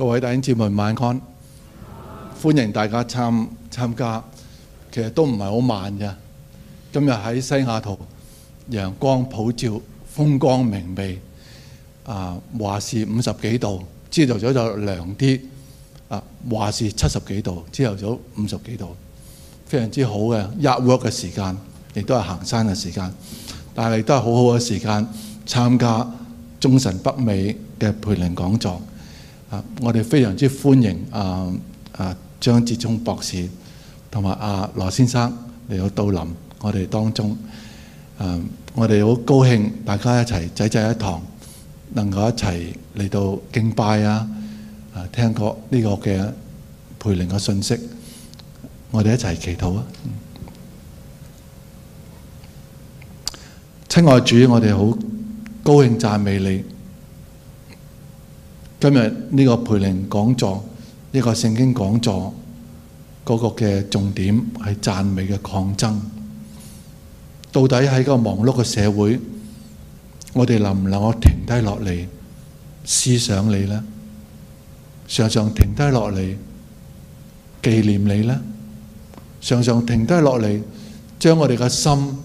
各位弟兄姊妹晚安，ong, 歡迎大家參參加。其實都唔係好慢嘅。今日喺西雅圖，陽光普照，風光明媚。啊，華氏五十幾度，朝頭早就涼啲。啊，華氏七十幾度，朝頭早五十幾度，非常之好嘅。work 嘅時間，亦都係行山嘅時間。但係亦都係好好嘅時間，參加中神北美嘅培靈講座。啊！我哋非常之歡迎啊啊張智聰博士同埋啊羅先生嚟到蒞臨我哋當中。嗯、啊，我哋好高興大家一齊濟濟一堂，能夠一齊嚟到敬拜啊！啊，聽過呢個嘅培靈嘅信息，我哋一齊祈禱啊！親、嗯、愛主，我哋好高興讚美你。今日呢個培靈講座，呢個聖經講座，嗰個嘅重點係讚美嘅抗爭。到底喺嗰個忙碌嘅社會，我哋能唔能夠停低落嚟思想你咧？常常停低落嚟紀念你咧？常常停低落嚟將我哋嘅心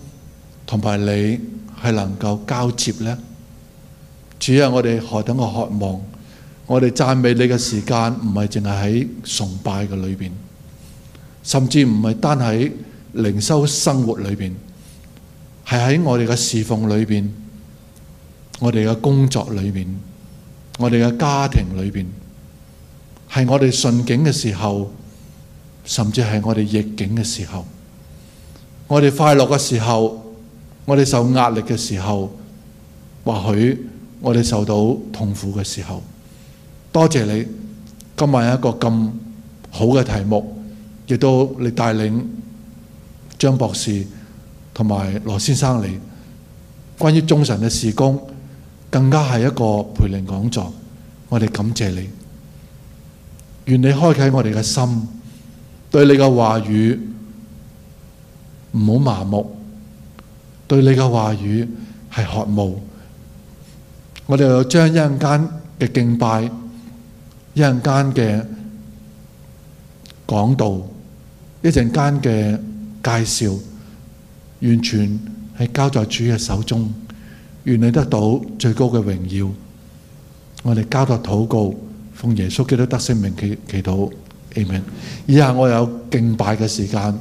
同埋你係能夠交接咧？主啊，我哋何等嘅渴望！我哋讚美你嘅時間，唔係淨係喺崇拜嘅裏面，甚至唔係單喺靈修生活裏面，係喺我哋嘅侍奉裏面，我哋嘅工作裏面、我哋嘅家庭裏面，係我哋順境嘅時候，甚至係我哋逆境嘅時候，我哋快樂嘅時候，我哋受壓力嘅時候，或許我哋受到痛苦嘅時候。多謝你，今晚有一個咁好嘅題目，亦都你帶領張博士同埋羅先生你，關於中神嘅事工，更加係一個培靈講座。我哋感謝你，願你開啟我哋嘅心，對你嘅話語唔好麻木，對你嘅話語係渴慕。我哋又將一陣間嘅敬拜。一陣間嘅講道，一陣間嘅介紹，完全係交在主嘅手中，願你得到最高嘅榮耀。我哋交託禱告，奉耶穌基督得勝名祈祈禱。Amen。以下我有敬拜嘅時間。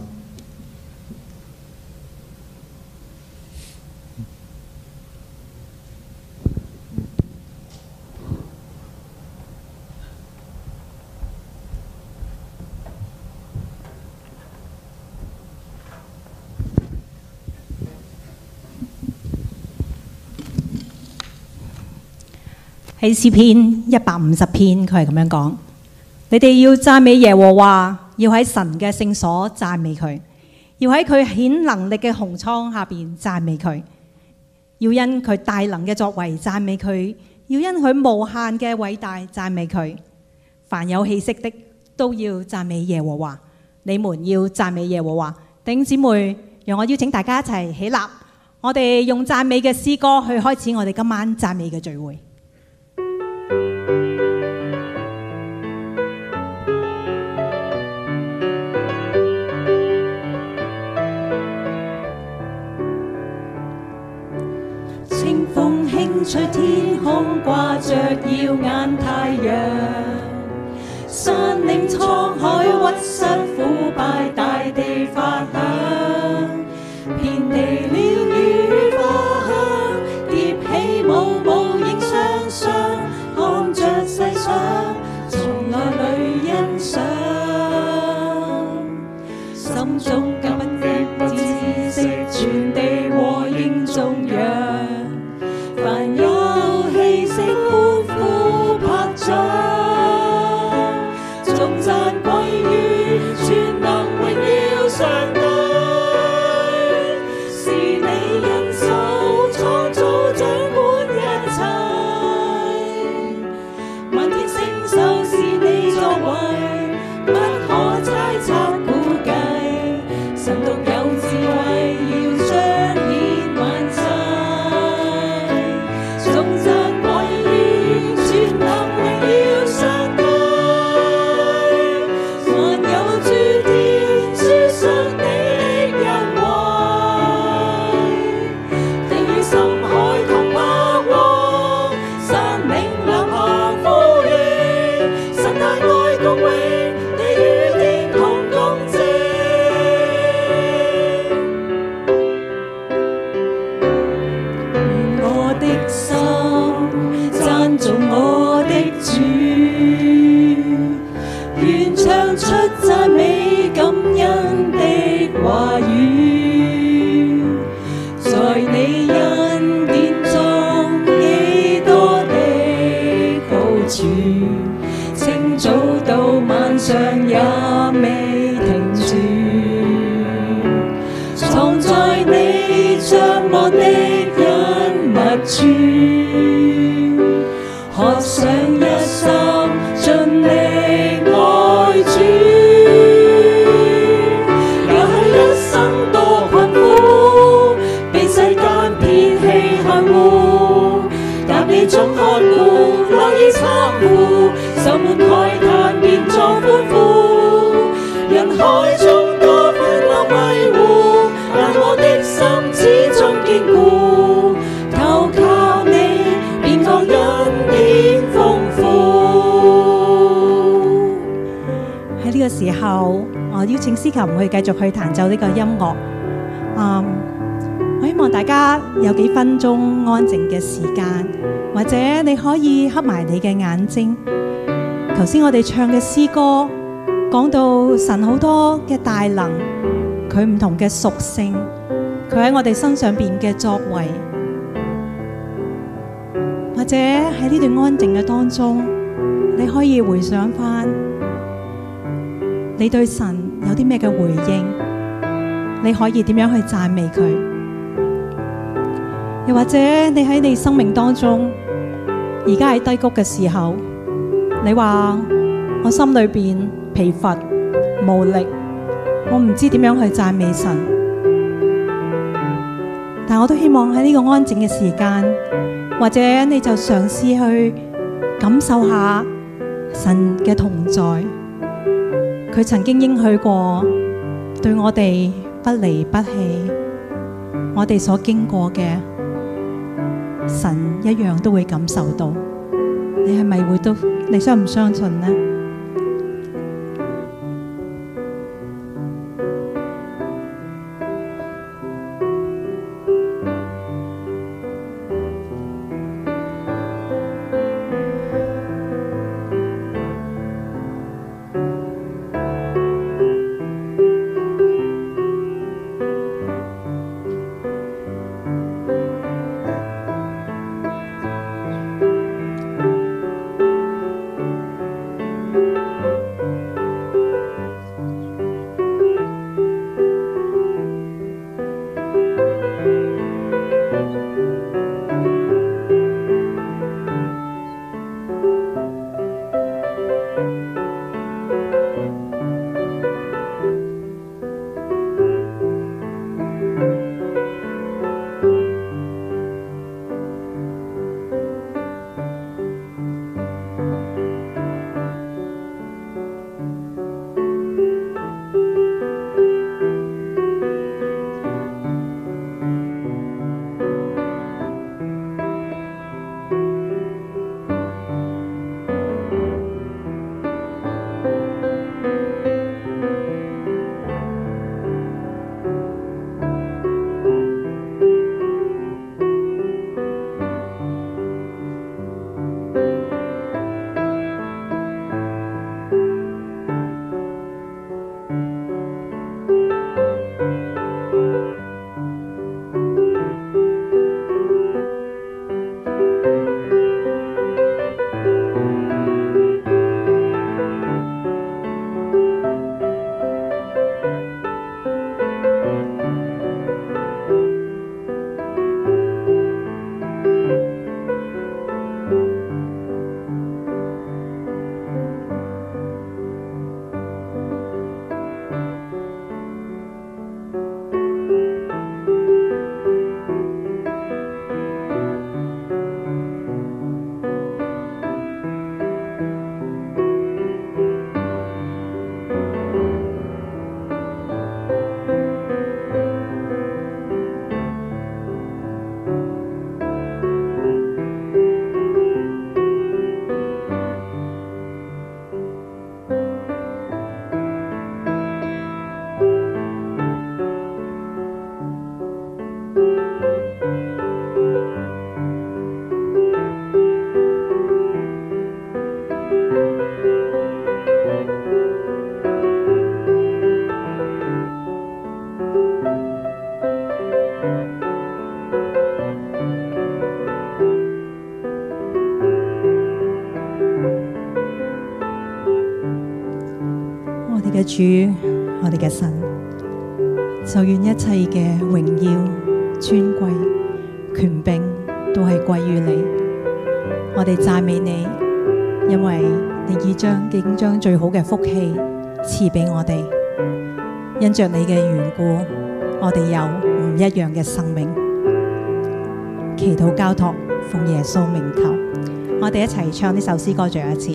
詩篇一百五十篇，佢係咁樣講：你哋要讚美耶和華，要喺神嘅聖所讚美佢，要喺佢顯能力嘅穹蒼下邊讚美佢，要因佢大能嘅作為讚美佢，要因佢無限嘅偉大讚美佢。凡有氣息的都要讚美耶和華，你們要讚美耶和華。頂姊妹，讓我邀請大家一齊起,起立，我哋用讚美嘅詩歌去開始我哋今晚讚美嘅聚會。隨天空掛着耀眼太陽，山嶺滄海屈膝俯拜大地發響。嘅時候，我邀請司琴會繼續去彈奏呢個音樂。嗯，um，我希望大家有幾分鐘安靜嘅時間，或者你可以瞌埋你嘅眼睛。頭先我哋唱嘅詩歌，講到神好多嘅大能，佢唔同嘅屬性，佢喺我哋身上邊嘅作為，或者喺呢段安靜嘅當中，你可以回想返。你對神有啲咩嘅回應？你可以點樣去讚美佢？又或者你喺你生命當中，而家喺低谷嘅時候，你話我心裏面疲乏無力，我唔知點樣去讚美神。但我都希望喺呢個安靜嘅時間，或者你就嘗試去感受下神嘅同在。佢曾經應許過，對我哋不離不棄，我哋所經過嘅神一樣都會感受到。你係咪會都？你相唔相信呢？主，我哋嘅神，就願一切嘅榮耀、尊貴、權柄都係歸於你。我哋讚美你，因為你已將已經將最好嘅福氣賜俾我哋。因着你嘅緣故，我哋有唔一樣嘅生命。祈禱交託，奉耶穌名求，我哋一齊唱呢首詩歌，再一次。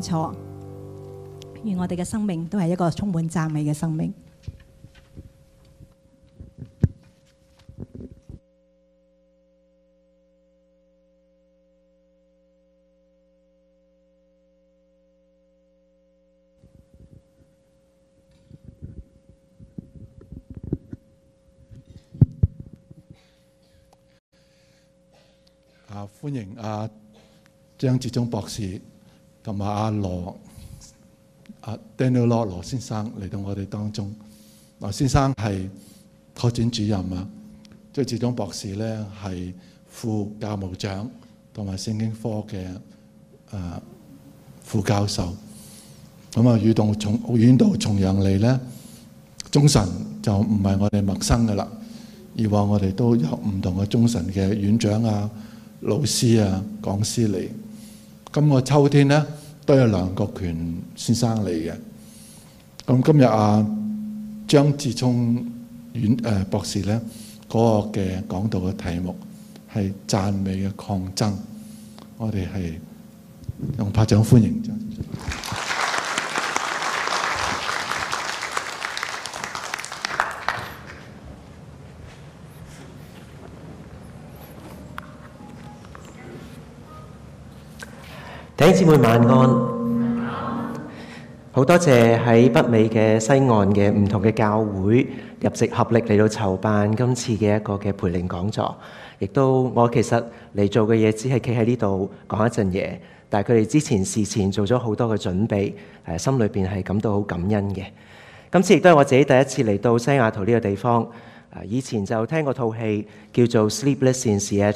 清楚，願我哋嘅生命都係一個充滿讚美嘅生命。啊，歡迎阿張智聰博士。同埋阿羅阿、啊、Daniel 羅羅先生嚟到我哋當中，羅先生係拓展主任啊，即係智聰博士咧係副教務長同埋聖經科嘅誒、啊、副教授。咁啊，與到重遠到重陽嚟咧，中神就唔係我哋陌生噶啦，而話我哋都有唔同嘅中神嘅院長啊、老師啊、講師嚟。今個秋天咧。都有梁國權先生嚟嘅。咁今日阿、啊、張智聰院誒、呃、博士咧，嗰、那個嘅講道嘅題目係讚美嘅抗爭。我哋係用拍掌歡迎。張弟兄姊妹晚安。好多謝喺北美嘅西岸嘅唔同嘅教會，入籍合力嚟,到籌辦今次嘅一個嘅培靈講座。亦都我其實嚟做嘅嘢，只係企喺呢度講一陣嘢。但係佢哋之前事前做咗好多嘅準備，誒、啊，心裏邊係感到好感恩嘅。今次亦都係我自己第一次嚟到西雅圖呢個地方、啊。以前就聽過套戲叫做《Sleepless in Seattle》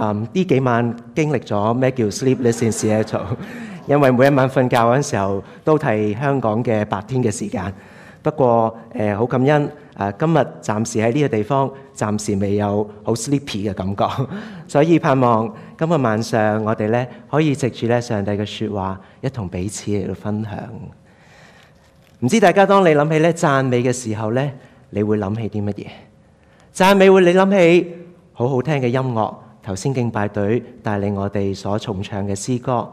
嗯，呢、um, 幾晚經歷咗咩叫 Sleepless in Seattle 因為每一晚瞓覺嗰陣時候都係香港嘅白天嘅時間。不過誒好、呃、感恩啊、呃，今日暫時喺呢個地方，暫時未有好 sleepy 嘅感覺， 所以盼望今日晚上我哋咧可以藉住咧上帝嘅説話一同彼此嚟到分享。唔知大家當你諗起咧讚美嘅時候咧，你會諗起啲乜嘢？讚美會你諗起好好聽嘅音樂。頭先敬拜隊帶領我哋所重唱嘅詩歌，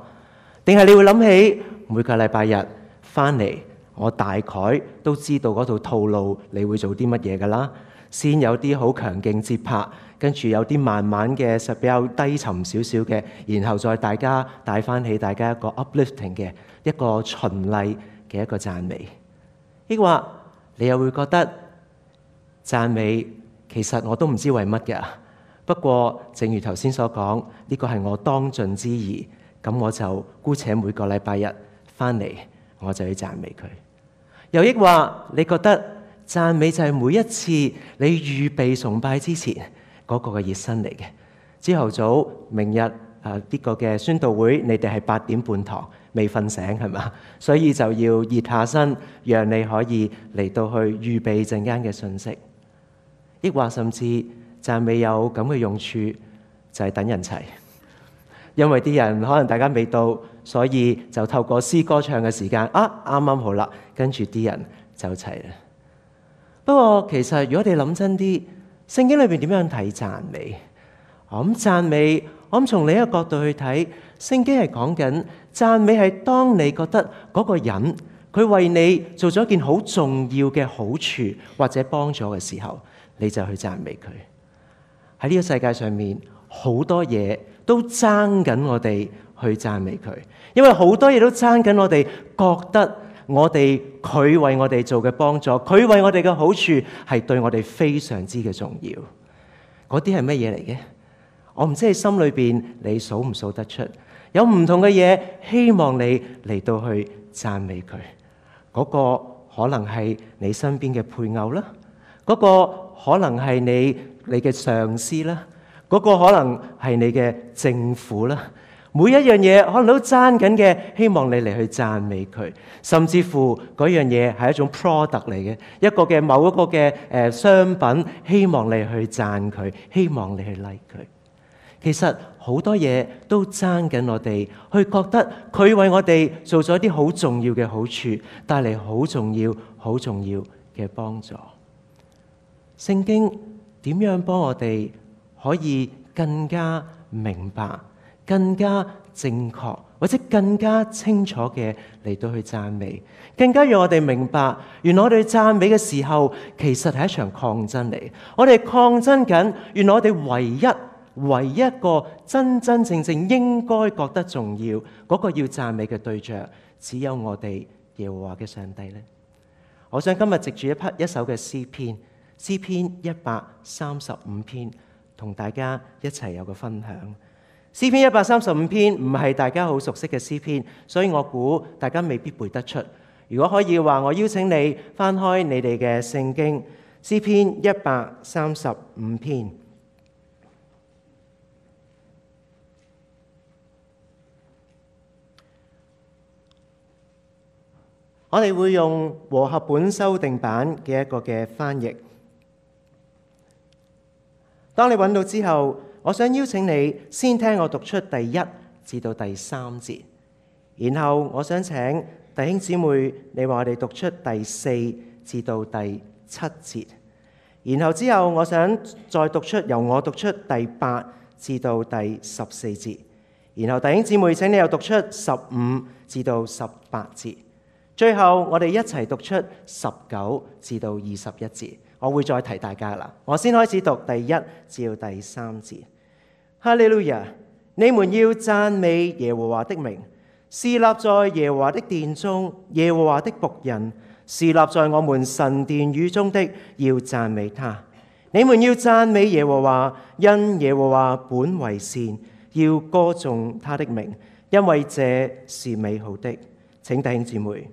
定係你會諗起每個禮拜日翻嚟，我大概都知道嗰套套路，你會做啲乜嘢㗎啦。先有啲好強勁節拍，跟住有啲慢慢嘅實比較低沉少少嘅，然後再大家帶翻起大家一個 uplifting 嘅一個循例嘅一個讚美。抑或你又會覺得讚美其實我都唔知為乜嘅。不過，正如頭先所講，呢個係我當盡之義，咁我就姑且每個禮拜日返嚟，我就去讚美佢。又亦話，你覺得讚美就係每一次你預備崇拜之前嗰個嘅熱身嚟嘅。朝頭早，明日啊呢個嘅宣道會，你哋係八點半堂，未瞓醒係嘛？所以就要熱下身，讓你可以嚟到去預備陣間嘅信息。亦或甚至。讚美有咁嘅用處，就係、是、等人齊，因為啲人可能大家未到，所以就透過詩歌唱嘅時間啊，啱啱好啦，跟住啲人就齊啦。不過其實如果你哋諗真啲，聖經裏面點樣睇讚美？我諗讚美，我諗從另一個角度去睇，聖經係講緊讚美係當你覺得嗰個人佢為你做咗件好重要嘅好處或者幫助嘅時候，你就去讚美佢。喺呢個世界上面，好多嘢都爭緊我哋去讚美佢，因為好多嘢都爭緊我哋覺得我哋佢為我哋做嘅幫助，佢為我哋嘅好處係對我哋非常之嘅重要。嗰啲係乜嘢嚟嘅？我唔知你心裏邊你數唔數得出？有唔同嘅嘢，希望你嚟到去讚美佢。嗰個可能係你身邊嘅配偶啦，嗰個可能係你。你嘅上司啦，嗰、那個可能係你嘅政府啦，每一樣嘢可能都爭緊嘅，希望你嚟去讚美佢，甚至乎嗰樣嘢係一種 product 嚟嘅，一個嘅某一個嘅誒、呃、商品，希望你去讚佢，希望你去 like 佢。其實好多嘢都爭緊我哋，去覺得佢為我哋做咗啲好重要嘅好處，帶嚟好重要、好重要嘅幫助。聖經。點樣幫我哋可以更加明白、更加正確或者更加清楚嘅，嚟到去讚美，更加讓我哋明白，原來我哋讚美嘅時候，其實係一場抗爭嚟。我哋抗爭緊，原來我哋唯一、唯一一個真真正正應該覺得重要嗰個要讚美嘅對象，只有我哋耶和華嘅上帝呢。我想今日藉住一匹一首嘅詩篇。詩篇一百三十五篇，同大家一齊有個分享。詩篇一百三十五篇唔係大家好熟悉嘅詩篇，所以我估大家未必背得出。如果可以嘅話，我邀請你翻開你哋嘅聖經，詩篇一百三十五篇。我哋會用和合本修訂版嘅一個嘅翻譯。當你揾到之後，我想邀請你先聽我讀出第一至到第三節，然後我想請弟兄姊妹你話我哋讀出第四至到第七節，然後之後我想再讀出由我讀出第八至到第十四節，然後弟兄姊妹請你又讀出十五至到十八節，最後我哋一齊讀出十九至到二十一節。我會再提大家啦。我先開始讀第一至到第三節。哈利路亞！你們要讚美耶和華的名，侍立在耶和華的殿中，耶和華的僕人侍立在我們神殿宇中的，要讚美他。你們要讚美耶和華，因耶和華本為善，要歌頌他的名，因為這是美好的。請弟兄姊妹。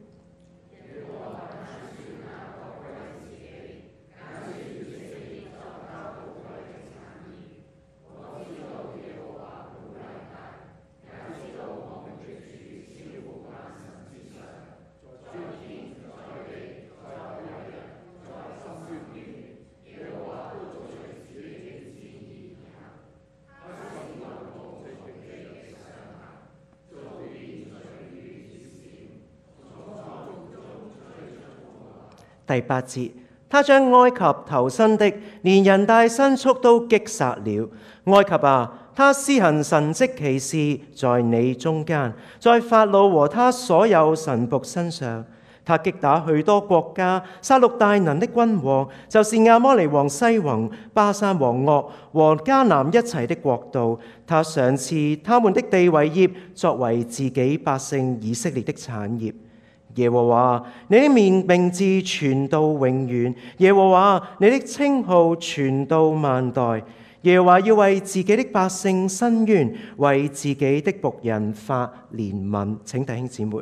第八節，他將埃及投生的連人大牲畜都擊殺了。埃及啊，他施行神跡奇事在你中間，在法老和他所有臣僕身上，他擊打許多國家，殺戮大能的君王，就是亞摩利王西宏、巴珊王惡和迦南一齊的國度。他賞賜他們的地為業，作為自己百姓以色列的產業。耶和華，你的名字傳到永遠；耶和華，你的稱號傳到萬代。耶和華要為自己的百姓伸冤，為自己的僕人發憐憫。請弟兄姊妹。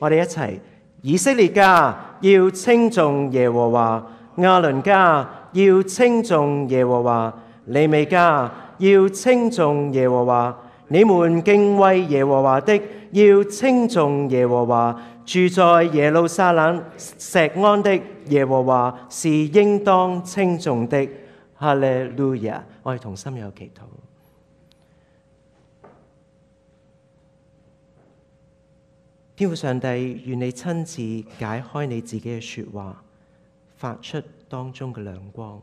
我哋一齊，以色列家要稱頌耶和華，亞倫家要稱頌耶和華，利未家要稱頌耶和華，你們敬畏耶和華的要稱頌耶和華。住在耶路撒冷錫安的耶和華是應當稱頌的。哈利路亞！我哋同心有祈禱。天父上帝，願你親自解開你自己嘅説話，發出當中嘅亮光，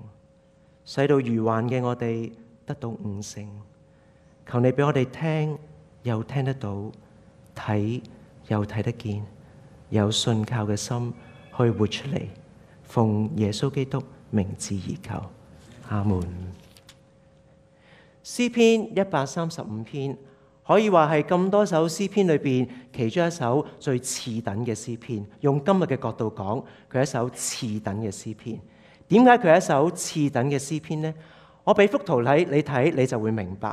使到愚頑嘅我哋得到悟性。求你俾我哋聽又聽得到，睇又睇得見，有信靠嘅心去活出嚟，奉耶穌基督名字而求。阿門。詩篇一百三十五篇。可以話係咁多首詩篇裏邊，其中一首最次等嘅詩篇。用今日嘅角度講，佢係一首次等嘅詩篇。點解佢係一首次等嘅詩篇呢？我俾幅圖睇你睇，你就會明白。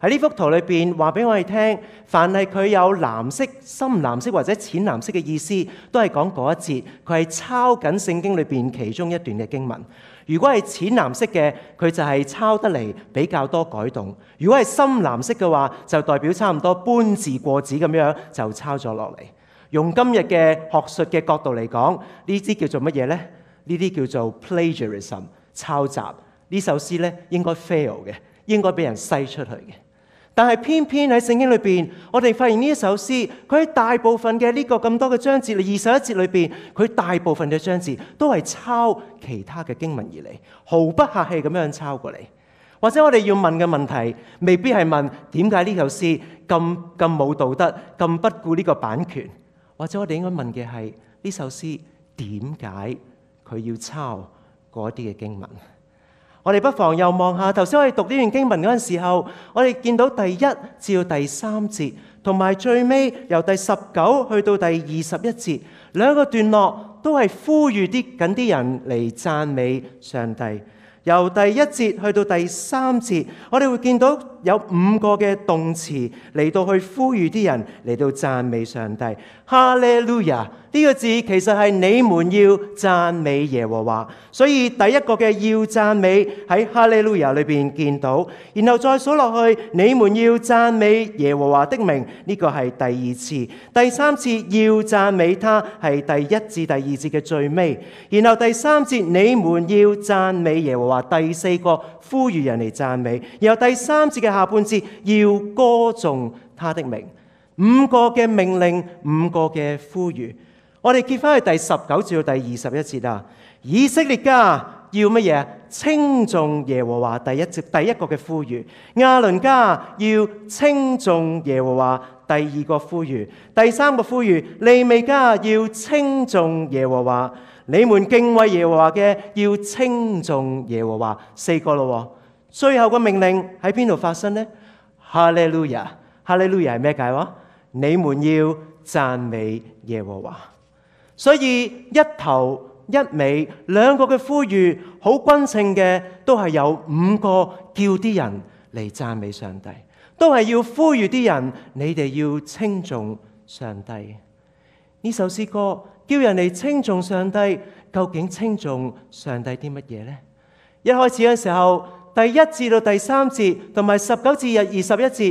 喺呢幅圖裏邊，話俾我哋聽，凡係佢有藍色、深藍色或者淺藍色嘅意思，都係講嗰一節。佢係抄緊聖經裏邊其中一段嘅經文。如果係淺藍色嘅，佢就係抄得嚟比較多改動；如果係深藍色嘅話，就代表差唔多搬字過紙咁樣就抄咗落嚟。用今日嘅學術嘅角度嚟講，呢啲叫做乜嘢呢？呢啲叫做 plagiarism，抄襲。呢首詩呢，應該 fail 嘅，應該俾人篩出去嘅。但係偏偏喺聖經裏邊，我哋發現呢一首詩，佢喺大部分嘅呢個咁多嘅章節，二十一節裏邊，佢大部分嘅章節都係抄其他嘅經文而嚟，毫不客氣咁樣抄過嚟。或者我哋要問嘅問題，未必係問點解呢首詩咁咁冇道德、咁不顧呢個版權，或者我哋應該問嘅係呢首詩點解佢要抄嗰啲嘅經文？我哋不妨又望下，頭先我哋讀呢段經文嗰陣時候，我哋見到第一至到第三節，同埋最尾由第十九去到第二十一節，兩個段落都係呼籲啲緊啲人嚟讚美上帝。由第一節去到第三節，我哋會見到。有五個嘅動詞嚟到去呼籲啲人嚟到讚美上帝。哈利路亞呢個字其實係你們要讚美耶和華。所以第一個嘅要讚美喺哈利路亞裏邊見到，然後再數落去，你們要讚美耶和華的名呢，這個係第二次，第三次要讚美他係第一至第二節嘅最尾，然後第三節你們要讚美耶和華，第四個呼籲人嚟讚美，然後第三節嘅下半節要歌頌他的名，五個嘅命令，五個嘅呼籲。我哋揭返去第十九至到第二十一節啊！以色列家要乜嘢？稱頌耶和華第一節第一個嘅呼籲，亞倫家要稱頌耶和華第二個呼籲，第三個呼籲利未家要稱頌耶和華。你們敬畏耶和華嘅要稱頌耶和華，四個啦。最後嘅命令喺邊度發生呢？哈利路亞，哈利路亞係咩解話？你們要讚美耶和華。所以一頭一尾兩個嘅呼籲好均稱嘅，都係有五個叫啲人嚟讚美上帝，都係要呼籲啲人，你哋要稱頌上帝。呢首詩歌叫人哋稱頌上帝，究竟稱頌上帝啲乜嘢呢？一開始嘅時候。第一節到第三節，同埋十九節至二十一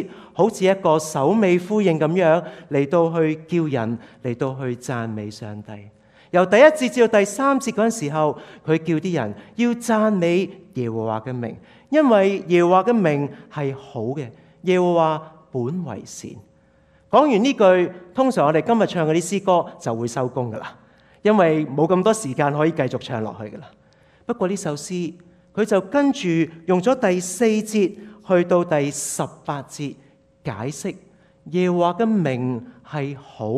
節，好似一個首尾呼應咁樣嚟到去叫人嚟到去讚美上帝。由第一節至到第三節嗰陣時候，佢叫啲人要讚美耶和華嘅名，因為耶和華嘅名係好嘅，耶和華本為善。講完呢句，通常我哋今日唱嗰啲詩歌就會收工噶啦，因為冇咁多時間可以繼續唱落去噶啦。不過呢首詩。佢就跟住用咗第四節去到第十八節解釋耶和華嘅名係好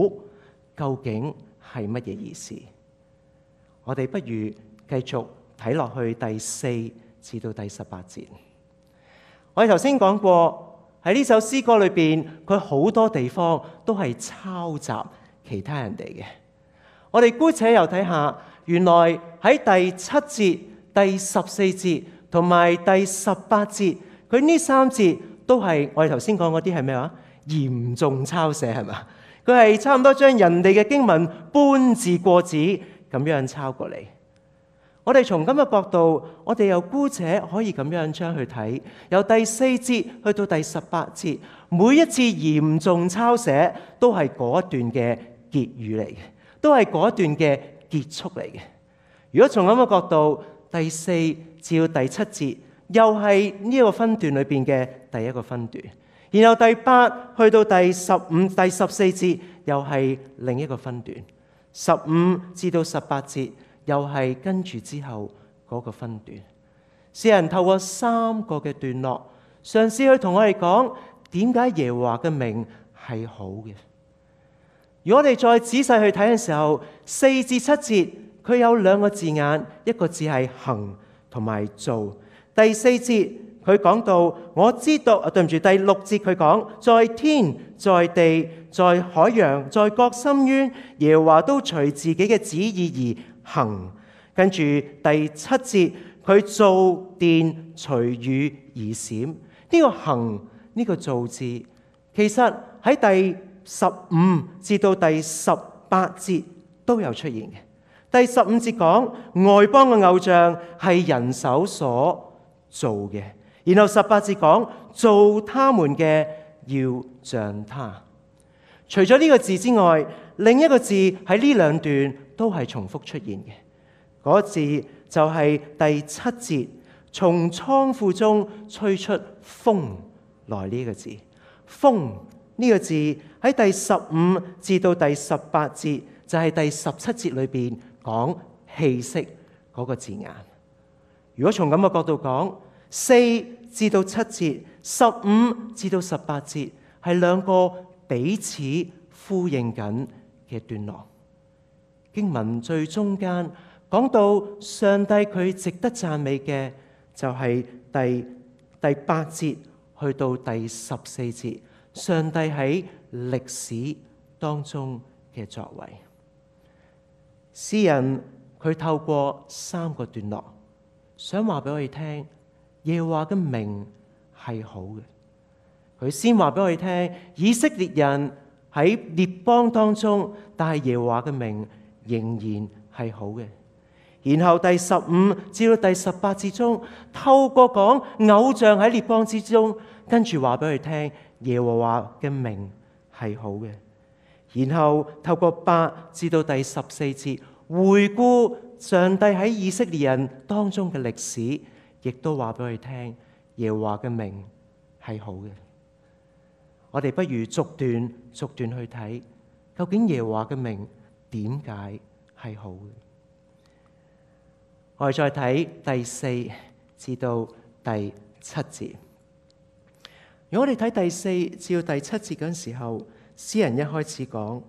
究竟係乜嘢意思？我哋不如繼續睇落去第四至到第十八節。我哋頭先講過喺呢首詩歌裏邊，佢好多地方都係抄襲其他人哋嘅。我哋姑且又睇下，原來喺第七節。第十四節同埋第十八節，佢呢三節都係我哋頭先講嗰啲係咩話？嚴重抄寫係嘛？佢係差唔多將人哋嘅經文搬字過紙咁樣抄過嚟。我哋從咁嘅角度，我哋又姑且可以咁樣將去睇，由第四節去到第十八節，每一次嚴重抄寫都係嗰一段嘅結語嚟嘅，都係嗰一段嘅結束嚟嘅。如果從咁嘅角度，第四至到第七節，又係呢個分段裏邊嘅第一個分段。然後第八去到第十五、第十四節，又係另一個分段。十五至到十八節，又係跟住之後嗰個分段。詩人透過三個嘅段落，嘗試去同我哋講點解耶和華嘅名係好嘅。如果我哋再仔細去睇嘅時候，四至七節。佢有兩個字眼，一個字係行，同埋造。第四節佢講到我知道，啊對唔住，第六節佢講，在天在地、在海洋、在各深淵，耶和華都隨自己嘅旨意而行。跟住第七節佢造電隨雨而閃。呢個行、呢個造字，其實喺第十五至到第十八節都有出現嘅。第十五節講外邦嘅偶像係人手所做嘅，然後十八節講做他們嘅要像他。除咗呢個字之外，另一個字喺呢兩段都係重複出現嘅。嗰、那個、字就係第七節從倉庫中吹出風來呢個字。風呢個字喺第十五至到第十八節就係、是、第十七節裏邊。講氣息嗰個字眼。如果從咁嘅角度講，四至到七節，十五至到十八節係兩個彼此呼應緊嘅段落。經文最中間講到上帝佢值得讚美嘅，就係第第八節去到第十四節，上帝喺歷史當中嘅作為。詩人佢透過三個段落，想話俾我哋聽，耶和華嘅名係好嘅。佢先話俾我哋聽，以色列人喺列邦當中，但係耶和華嘅名仍然係好嘅。然後第十五至到第十八節中，透過講偶像喺列邦之中，跟住話俾我哋聽，耶和華嘅名係好嘅。然後透過八至到第十四節回顧上帝喺以色列人當中嘅歷史，亦都話俾佢聽耶和華嘅名係好嘅。我哋不如逐段逐段去睇，究竟耶和華嘅名點解係好嘅？我哋再睇第四至到第七節。如果我哋睇第四至到第七節嗰陣時候，詩人一開始講：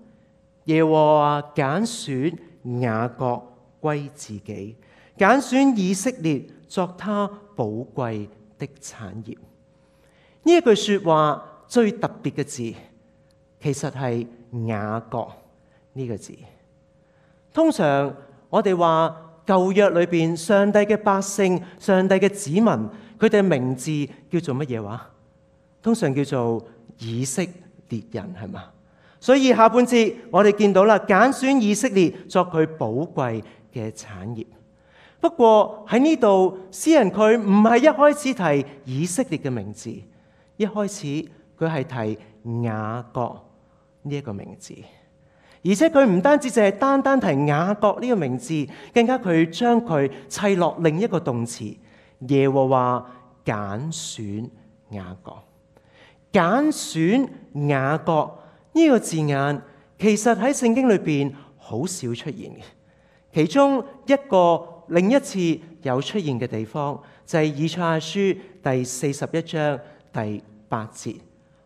耶和華揀選雅各歸自己，揀選以色列作他寶貴的產業。呢一句説話最特別嘅字，其實係雅各呢，這個字。通常我哋話舊約裏邊上帝嘅百姓，上帝嘅子民，佢哋名字叫做乜嘢話？通常叫做以色列。敵人係嘛，所以下半節我哋見到啦，揀選以色列作佢寶貴嘅產業。不過喺呢度，詩人佢唔係一開始提以色列嘅名字，一開始佢係提雅各呢一個名字。而且佢唔單止淨係單單提雅各呢個名字，更加佢將佢砌落另一個動詞，耶和華揀選雅各。揀選雅各呢個字眼，其實喺聖經裏邊好少出現嘅。其中一個另一次有出現嘅地方，就係以賽亞書第四十一章第八節。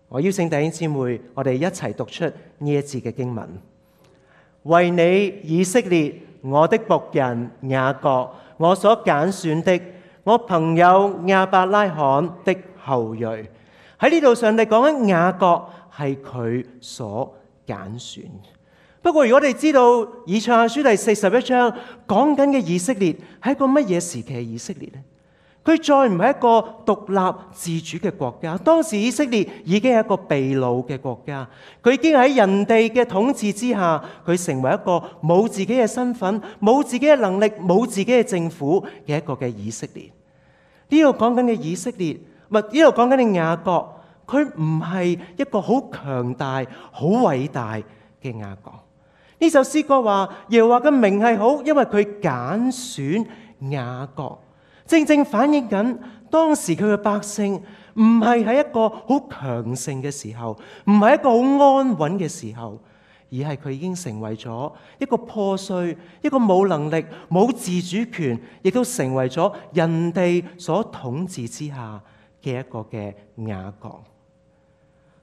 我邀請弟兄姊妹，我哋一齊讀出呢一節嘅經文：為你以色列，我的僕人雅各，我所揀選的，我朋友亞伯拉罕的後裔。喺呢度上帝講緊雅各係佢所揀選。不過，如果你知道以賽亞書第四十一章講緊嘅以色列係一個乜嘢時期嘅以色列呢？佢再唔係一個獨立自主嘅國家。當時以色列已經係一個被擄嘅國家，佢已經喺人哋嘅統治之下，佢成為一個冇自己嘅身份、冇自己嘅能力、冇自己嘅政府嘅一個嘅以色列。呢度講緊嘅以色列。呢度講緊啲雅各，佢唔係一個好強大、好偉大嘅雅各。呢首詩歌話：耶和華嘅名係好，因為佢揀選雅各，正正反映緊當時佢嘅百姓唔係喺一個好強盛嘅時候，唔係一個好安穩嘅時候，而係佢已經成為咗一個破碎、一個冇能力、冇自主權，亦都成為咗人哋所統治之下。嘅一個嘅雅各，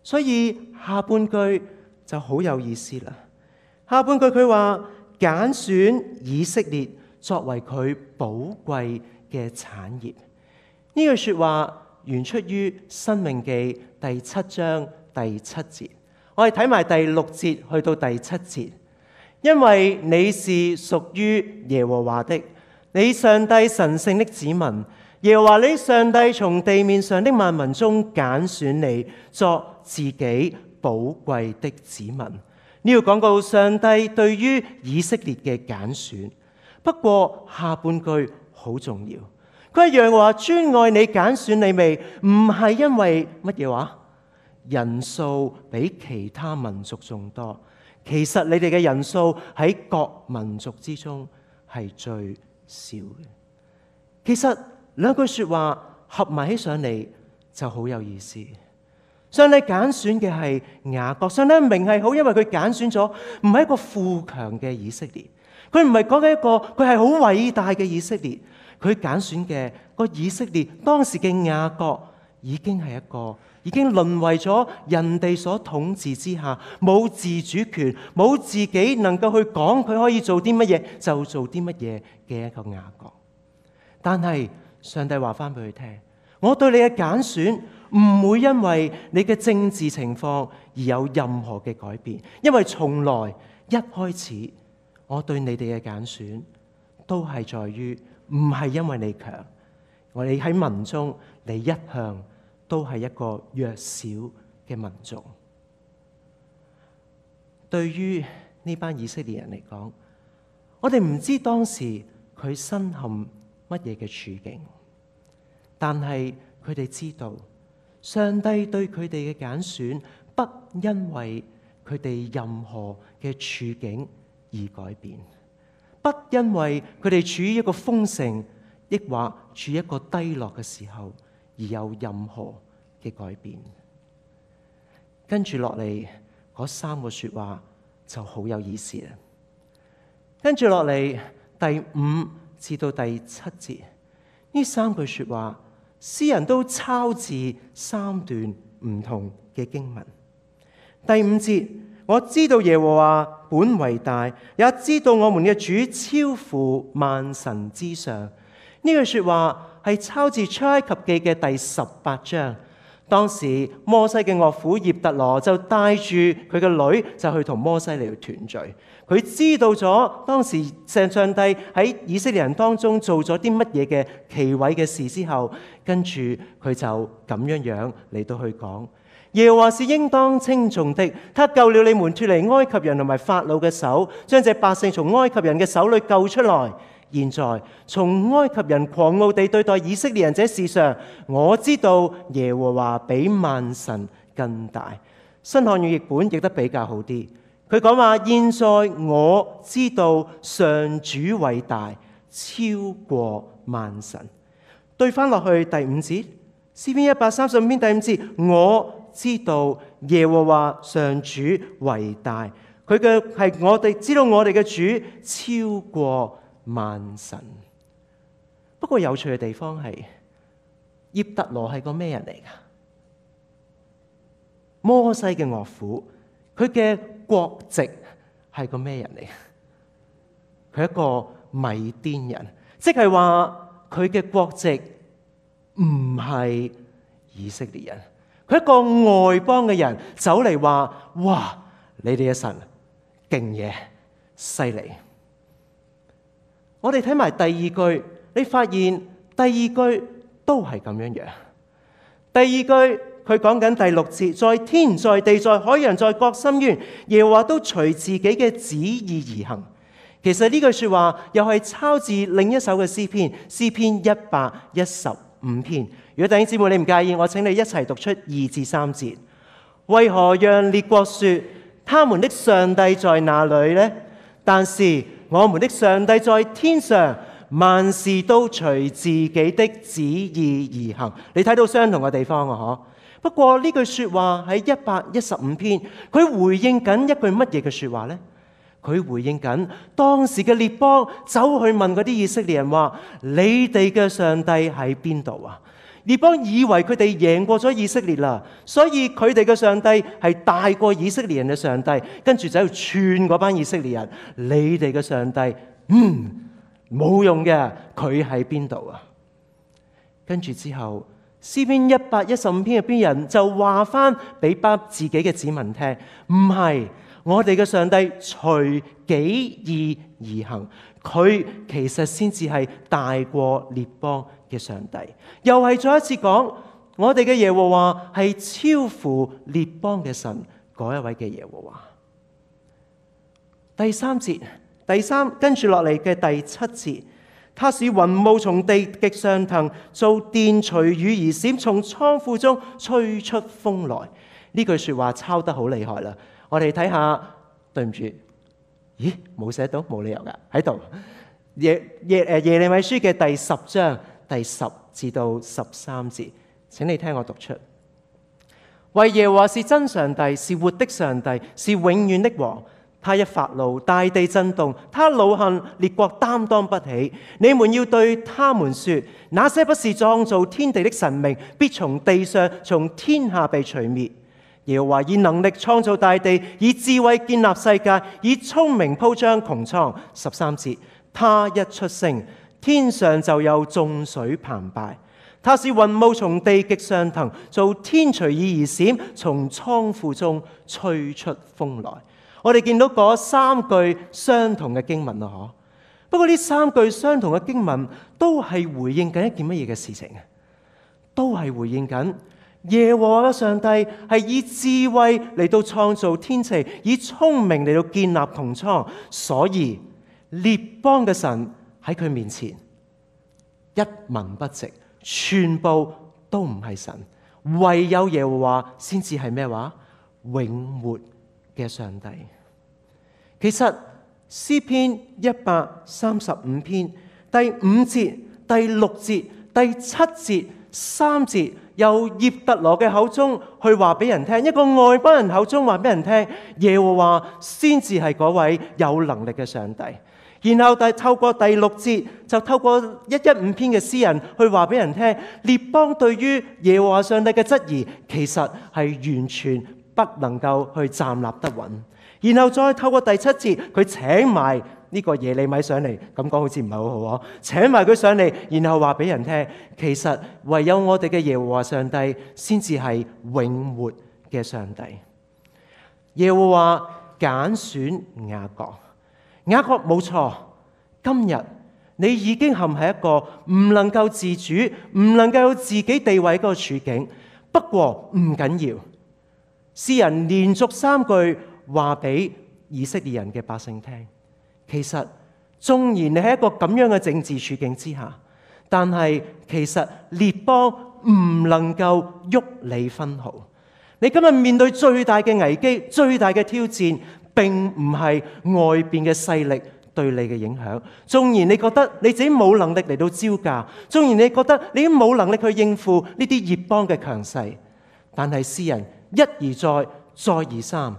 所以下半句就好有意思啦。下半句佢話：揀選以色列作為佢寶貴嘅產業。呢句説話源出於《申命記》第七章第七節。我哋睇埋第六節去到第七節，因為你是屬於耶和華的，你上帝神聖的子民。耶話你上帝從地面上的萬民中揀選你作自己寶貴的子民。你要講到上帝對於以色列嘅揀選。不過下半句好重要，佢一樣話專愛你揀選你未？唔係因為乜嘢話人數比其他民族仲多，其實你哋嘅人數喺各民族之中係最少嘅。其實。兩句說話合埋起上嚟，就好有意思。上帝揀選嘅係雅各，上帝明係好，因為佢揀選咗唔係一個富強嘅以色列，佢唔係講緊一個佢係好偉大嘅以色列，佢揀選嘅，那個以色列當時嘅雅各已經係一個已經淪為咗人哋所統治之下，冇自主權，冇自己能夠去講佢可以做啲乜嘢就做啲乜嘢嘅一個雅各，但係。上帝話翻俾佢聽，我對你嘅揀選唔會因為你嘅政治情況而有任何嘅改變，因為從來一開始，我對你哋嘅揀選都係在於，唔係因為你強，我哋喺民眾，你一向都係一個弱小嘅民眾。對於呢班以色列人嚟講，我哋唔知當時佢身陷。乜嘢嘅處境？但係佢哋知道，上帝對佢哋嘅揀選，不因為佢哋任何嘅處境而改變，不因為佢哋處於一個豐盛，亦或處於一個低落嘅時候而有任何嘅改變。跟住落嚟嗰三個說話就好有意思啦。跟住落嚟第五。至到第七節，呢三句說話，詩人都抄自三段唔同嘅經文。第五節，我知道耶和華本為大，也知道我們嘅主超乎萬神之上。呢句說話係抄自《出埃及記》嘅第十八章。當時摩西嘅岳父葉特羅就帶住佢個女就去同摩西嚟去團聚。佢知道咗當時聖上帝喺以色列人當中做咗啲乜嘢嘅奇偉嘅事之後，跟住佢就咁樣樣嚟到去講：耶和華是應當稱頌的，他救了你們脫離埃及人同埋法老嘅手，將這百姓從埃及人嘅手裏救出來。現在從埃及人狂傲地對待以色列人這事上，我知道耶和華比萬神更大。新漢語譯本譯得比較好啲。佢講話：現在我知道上主偉大，超過萬神。對翻落去第五節，詩篇一百三十五篇第五節，我知道耶和華上主偉大。佢嘅係我哋知道我哋嘅主超過萬神。不過有趣嘅地方係，葉特羅係個咩人嚟㗎？摩西嘅岳父，佢嘅。國籍係個咩人嚟？佢一個米甸人，即係話佢嘅國籍唔係以色列人，佢一個外邦嘅人走嚟話，哇！你哋嘅神勁嘢，犀利！我哋睇埋第二句，你發現第二句都係咁樣樣。第二句。佢講緊第六節，在天在地在海洋在各深淵，耶和華都隨自己嘅旨意而行。其實呢句説話又係抄自另一首嘅詩篇，詩篇一百一十五篇。如果弟兄姊妹你唔介意，我請你一齊讀出二至三節。為何讓列國說他們的上帝在哪裏呢？但是我們的上帝在天上，萬事都隨自己的旨意而行。你睇到相同嘅地方啊，呵！不過呢句說話喺一百一十五篇，佢回應緊一句乜嘢嘅說話呢？佢回應緊當時嘅列邦走去問嗰啲以色列人話：你哋嘅上帝喺邊度啊？列邦以為佢哋贏過咗以色列啦，所以佢哋嘅上帝係大過以色列人嘅上帝，跟住就去串嗰班以色列人：你哋嘅上帝，嗯，冇用嘅，佢喺邊度啊？跟住之後。詩篇一百一十五篇入邊人就話翻俾巴自己嘅子民聽，唔係我哋嘅上帝隨己意而行，佢其實先至係大過列邦嘅上帝。又係再一次講，我哋嘅耶和華係超乎列邦嘅神，嗰一位嘅耶和華。第三節，第三跟住落嚟嘅第七節。他使雲霧從地極上騰，做電隨雨而閃，從倉庫中吹出風來。呢句說話抄得好厲害啦！我哋睇下，對唔住，咦，冇寫到，冇理由噶，喺度耶耶誒耶利米書嘅第十章第十至到十三節，請你聽我讀出：為耶和華是真上帝，是活的上帝，是永遠的王。他一發怒，大地震動；他惱恨，列國擔當不起。你們要對他們說：那些不是創造天地的神明，必從地上、從天下被除滅。耶和華以能力創造大地，以智慧建立世界，以聰明鋪張穹蒼。十三節，他一出聲，天上就有眾水澎湃；他是雲霧從地極上騰，做天隨意而閃，從倉庫中吹出風來。我哋見到嗰三句相同嘅經文咯，可不過呢三句相同嘅經文都係回應緊一件乜嘢嘅事情啊？都係回應緊耶和華嘅上帝係以智慧嚟到創造天地，以聰明嚟到建立穹蒼，所以列邦嘅神喺佢面前一文不值，全部都唔係神，唯有耶和華先至係咩話永活嘅上帝。其實詩篇一百三十五篇第五節、第六節、第七節三節，由葉特羅嘅口中去話俾人聽，一個外邦人口中話俾人聽耶和華，先至係嗰位有能力嘅上帝。然後第透過第六節，就透過一一五篇嘅詩人去話俾人聽，列邦對於耶和華上帝嘅質疑，其實係完全不能夠去站立得穩。然後再透過第七節，佢請埋呢個耶利米上嚟，咁講好似唔係好好啊！請埋佢上嚟，然後話俾人聽，其實唯有我哋嘅耶和華上帝先至係永活嘅上帝。耶和華揀選雅各，雅各冇錯。今日你已經陷喺一個唔能夠自主、唔能夠有自己地位嗰個處境，不過唔緊要。詩人連續三句。話俾以色列人嘅百姓聽，其實縱然你喺一個咁樣嘅政治處境之下，但係其實列邦唔能夠喐你分毫。你今日面對最大嘅危機、最大嘅挑戰，並唔係外邊嘅勢力對你嘅影響。縱然你覺得你自己冇能力嚟到招架，縱然你覺得你已經冇能力去應付呢啲列邦嘅強勢，但係詩人一而再，再而三，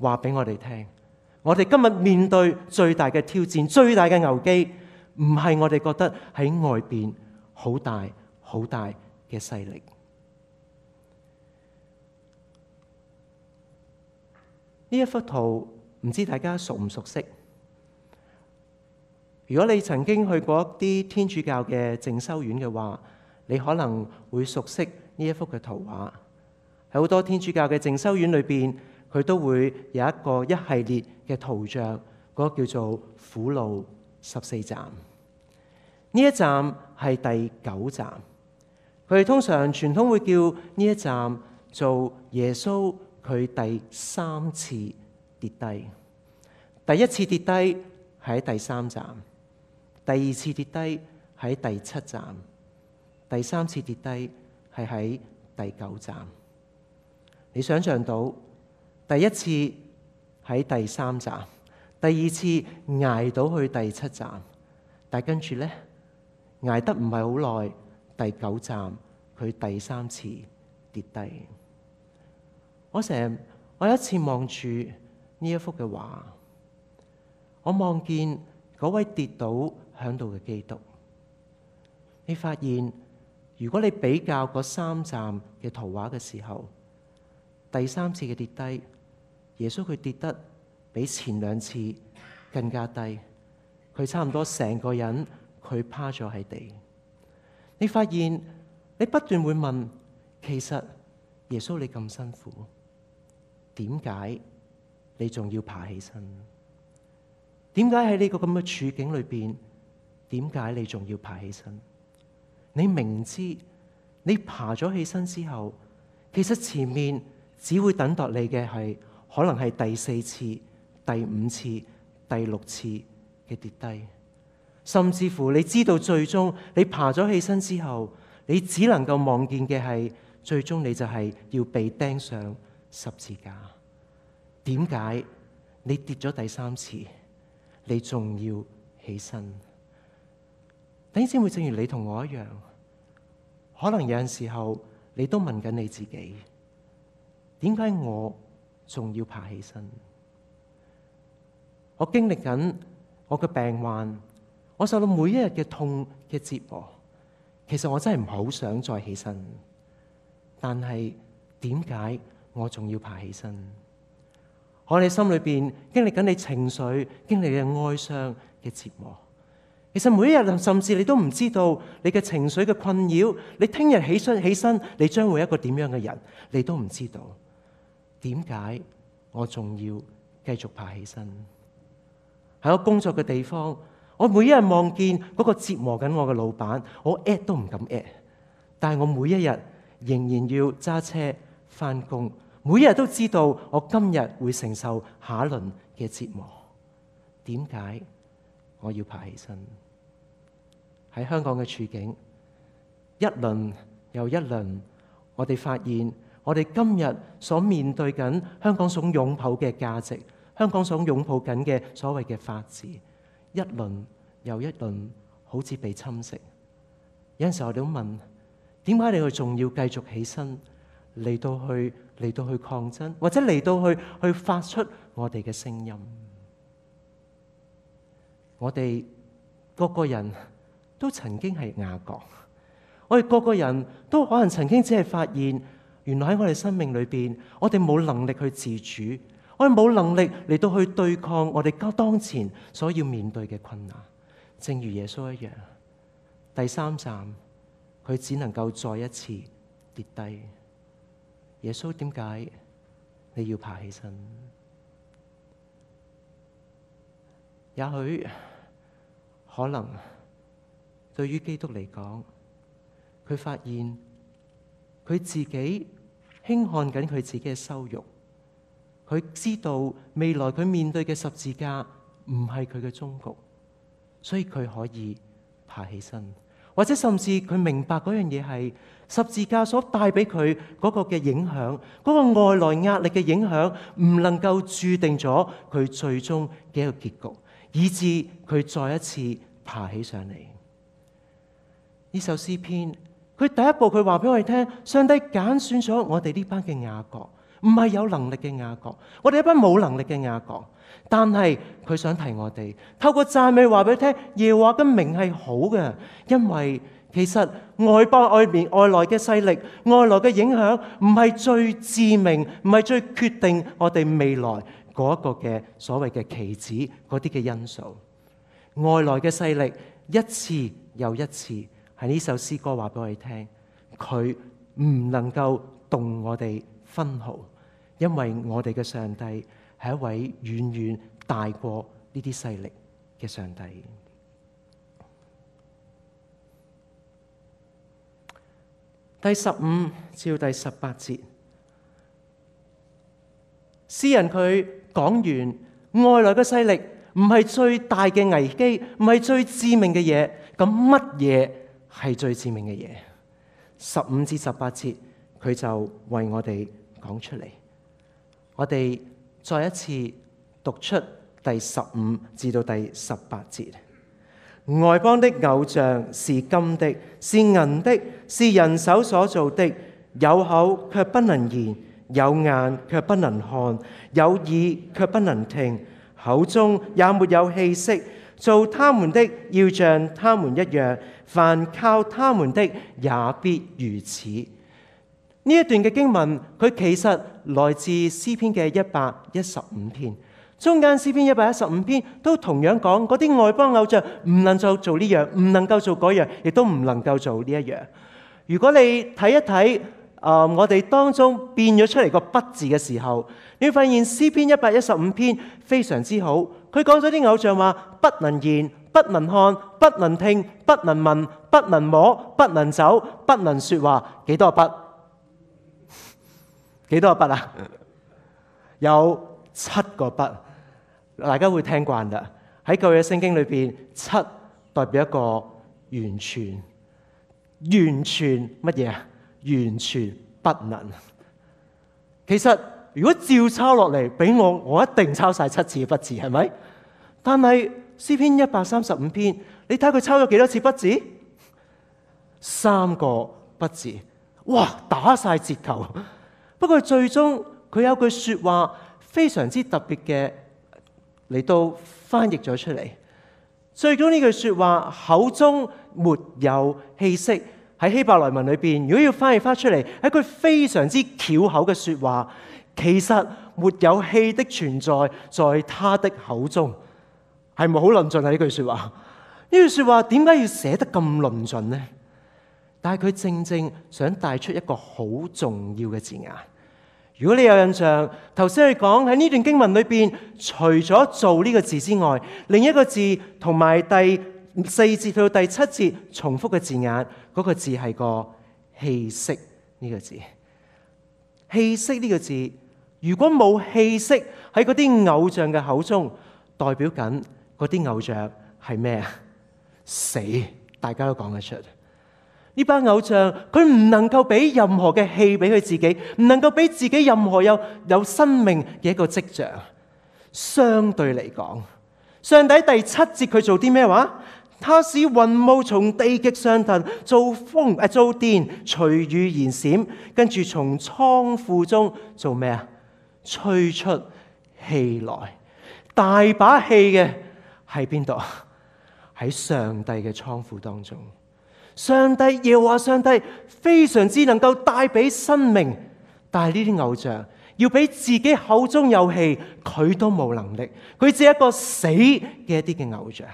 話俾我哋聽，我哋今日面對最大嘅挑戰、最大嘅牛機，唔係我哋覺得喺外邊好大好大嘅勢力。呢一幅圖唔知大家熟唔熟悉？如果你曾經去過一啲天主教嘅靜修院嘅話，你可能會熟悉呢一幅嘅圖畫。喺好多天主教嘅靜修院裏邊。佢都會有一個一系列嘅圖像，嗰、那個叫做苦路十四站。呢一站係第九站。佢哋通常傳統會叫呢一站做耶穌佢第三次跌低。第一次跌低係喺第三站，第二次跌低喺第七站，第三次跌低係喺第九站。你想像到？第一次喺第三站，第二次捱到去第七站，但係跟住咧，捱得唔係好耐，第九站佢第三次跌低。我成我有一次望住呢一幅嘅畫，我望見嗰位跌倒響度嘅基督。你發現如果你比較嗰三站嘅圖畫嘅時候，第三次嘅跌低。耶穌佢跌得比前兩次更加低，佢差唔多成個人佢趴咗喺地。你發現你不斷會問，其實耶穌你咁辛苦，點解你仲要爬起身？點解喺呢個咁嘅處境裏邊？點解你仲要爬起身？你明知你爬咗起身之後，其實前面只會等待你嘅係。可能係第四次、第五次、第六次嘅跌低，甚至乎你知道最終你爬咗起身之後，你只能夠望見嘅係最終你就係要被釘上十字架。點解你跌咗第三次，你仲要起身？等先會正如你同我一樣，可能有陣時候你都問緊你自己：點解我？仲要爬起身？我經歷緊我嘅病患，我受到每一日嘅痛嘅折磨。其實我真係唔好想再起身，但係點解我仲要爬起身？我哋心裏邊經歷緊你情緒、經歷嘅哀傷嘅折磨。其實每一日，甚至你都唔知道你嘅情緒嘅困擾。你聽日起身起身，你將會一個點樣嘅人？你都唔知道。點解我仲要繼續爬起身？喺我工作嘅地方，我每一日望見嗰個折磨緊我嘅老闆，我 at 都唔敢 at，但係我每一日仍然要揸車翻工，每一日都知道我今日會承受下一輪嘅折磨。點解我要爬起身？喺香港嘅處境，一輪又一輪，我哋發現。我哋今日所面對緊香港所擁抱嘅價值，香港所擁抱緊嘅所謂嘅法治，一輪又一輪，好似被侵蝕。有陣時候，我哋都問：點解你哋仲要繼續起身嚟到去嚟到去抗爭，或者嚟到去去發出我哋嘅聲音？我哋個個人都曾經係亞國，我哋個個人都可能曾經只係發現。原來喺我哋生命裏邊，我哋冇能力去自主，我哋冇能力嚟到去對抗我哋今當前所要面對嘅困難。正如耶穌一樣，第三站佢只能夠再一次跌低。耶穌，點解你要爬起身？也許可能對於基督嚟講，佢發現佢自己。輕看緊佢自己嘅羞辱，佢知道未來佢面對嘅十字架唔係佢嘅終局，所以佢可以爬起身，或者甚至佢明白嗰樣嘢係十字架所帶俾佢嗰個嘅影響，嗰個外來壓力嘅影響唔能夠注定咗佢最終嘅一個結局，以至佢再一次爬起上嚟。呢首詩篇。佢第一步，佢話俾我哋聽，上帝揀選咗我哋呢班嘅雅各，唔係有能力嘅雅各，我哋一班冇能力嘅雅各。但係佢想提我哋，透過讚美話俾佢聽，耶和華嘅名係好嘅，因為其實外邦外面外來嘅勢力、外來嘅影響，唔係最致命，唔係最決定我哋未來嗰一個嘅所謂嘅棋子嗰啲嘅因素。外來嘅勢力一次又一次。係呢首詩歌話俾我哋聽，佢唔能夠動我哋分毫，因為我哋嘅上帝係一位遠遠大過呢啲勢力嘅上帝。第十五至到第十八節，詩人佢講完外來嘅勢力唔係最大嘅危機，唔係最致命嘅嘢，咁乜嘢？係最致命嘅嘢。十五至十八節，佢就為我哋講出嚟。我哋再一次讀出第十五至到第十八節。外邦的偶像，是金的，是銀的，是人手所造的，有口卻不能言，有眼卻不能看，有耳卻不能聽，口中也沒有氣息。做他們的要像他們一樣。凡靠他們的，也必如此。呢一段嘅經文，佢其實來自詩篇嘅一百一十五篇。中間詩篇一百一十五篇都同樣講嗰啲外邦偶像唔能夠做呢樣，唔能夠做嗰樣，亦都唔能夠做呢一樣。如果你睇一睇啊、呃，我哋當中變咗出嚟個不字嘅時候，你會發現詩篇一百一十五篇非常之好，佢講咗啲偶像話不能言。不能看，不能聽，不能問，不能摸，不能走，不能說話，幾多筆？幾多個筆啊？ 有七個筆，大家會聽慣啦。喺舊約聖經裏邊，七代表一個完全，完全乜嘢？完全不能。其實如果照抄落嚟，俾我我一定抄晒七次嘅不字，係咪？但係。詩篇一百三十五篇，你睇佢抄咗幾多次筆字？三個筆字，哇，打晒折頭。 不過最終佢有句說話非常之特別嘅嚟到翻譯咗出嚟。最終呢句說話，口中沒有氣息喺希伯來文裏邊，如果要翻譯翻出嚟，係一句非常之巧口嘅說話。其實沒有氣的存在在，在他的口中。係咪好論盡啊？呢句説話是是，呢句説話點解要寫得咁論盡呢？但係佢正正想帶出一個好重要嘅字眼。如果你有印象，頭先你講，喺呢段經文裏邊，除咗做呢個字之外，另一個字同埋第四節到第七節重複嘅字眼，嗰、嗰個字係個氣息呢、呢個字。氣息呢個字，如果冇氣息喺嗰啲偶像嘅口中，代表緊。嗰啲偶像係咩啊？死，大家都講得出。呢班偶像佢唔能夠俾任何嘅氣俾佢自己，唔能夠俾自己任何有有生命嘅一個跡象。相對嚟講，上帝第七節佢做啲咩話？他使雲霧從地極上騰，做風誒、呃，做電隨雨而閃，跟住從倉庫中做咩啊？吹出氣來，大把氣嘅。喺邊度？喺上帝嘅倉庫當中，上帝要話上帝非常之能夠帶俾生命，但係呢啲偶像要俾自己口中有氣，佢都冇能力，佢只係一個死嘅一啲嘅偶像。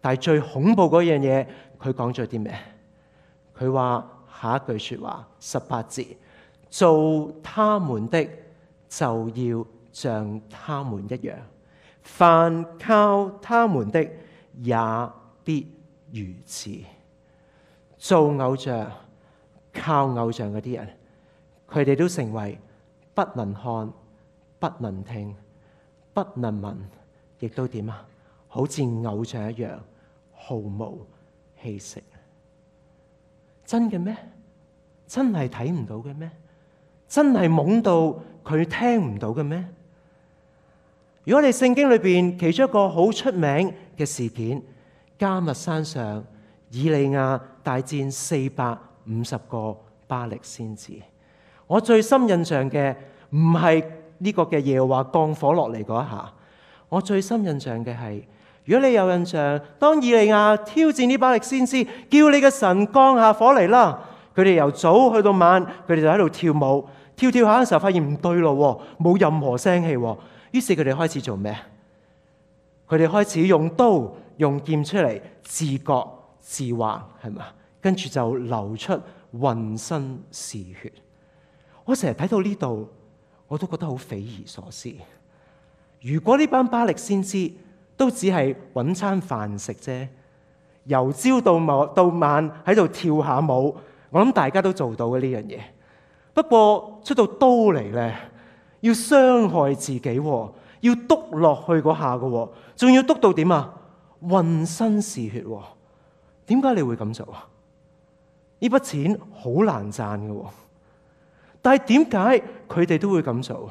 但係最恐怖嗰樣嘢，佢講咗啲咩？佢話下一句說話十八字：做他們的就要像他們一樣。凡靠他們的，也必如此。做偶像、靠偶像嗰啲人，佢哋都成為不能看、不能聽、不能聞，亦都點啊？好似偶像一樣，毫無氣息。真嘅咩？真係睇唔到嘅咩？真係懵到佢聽唔到嘅咩？如果你聖經裏邊其中一個好出名嘅事件，迦密山上以利亞大戰四百五十個巴力先知，我最深印象嘅唔係呢個嘅耶和華降火落嚟嗰一下，我最深印象嘅係，如果你有印象，當以利亞挑戰呢班巴力先知，叫你嘅神降下火嚟啦，佢哋由早去到晚，佢哋就喺度跳舞，跳跳下嘅時候發現唔對路，冇任何聲氣。於是佢哋開始做咩？佢哋開始用刀用劍出嚟自割自劃，係嘛？跟住就流出渾身是血。我成日睇到呢度，我都覺得好匪夷所思。如果呢班巴力先知都只係揾餐飯食啫，由朝到晚到晚喺度跳下舞，我諗大家都做到嘅呢樣嘢。不過出到刀嚟呢。要傷害自己，要篤落去嗰下嘅，仲要篤到點啊？渾身是血喎！點解你會咁做啊？呢筆錢好難賺嘅，但係點解佢哋都會咁做？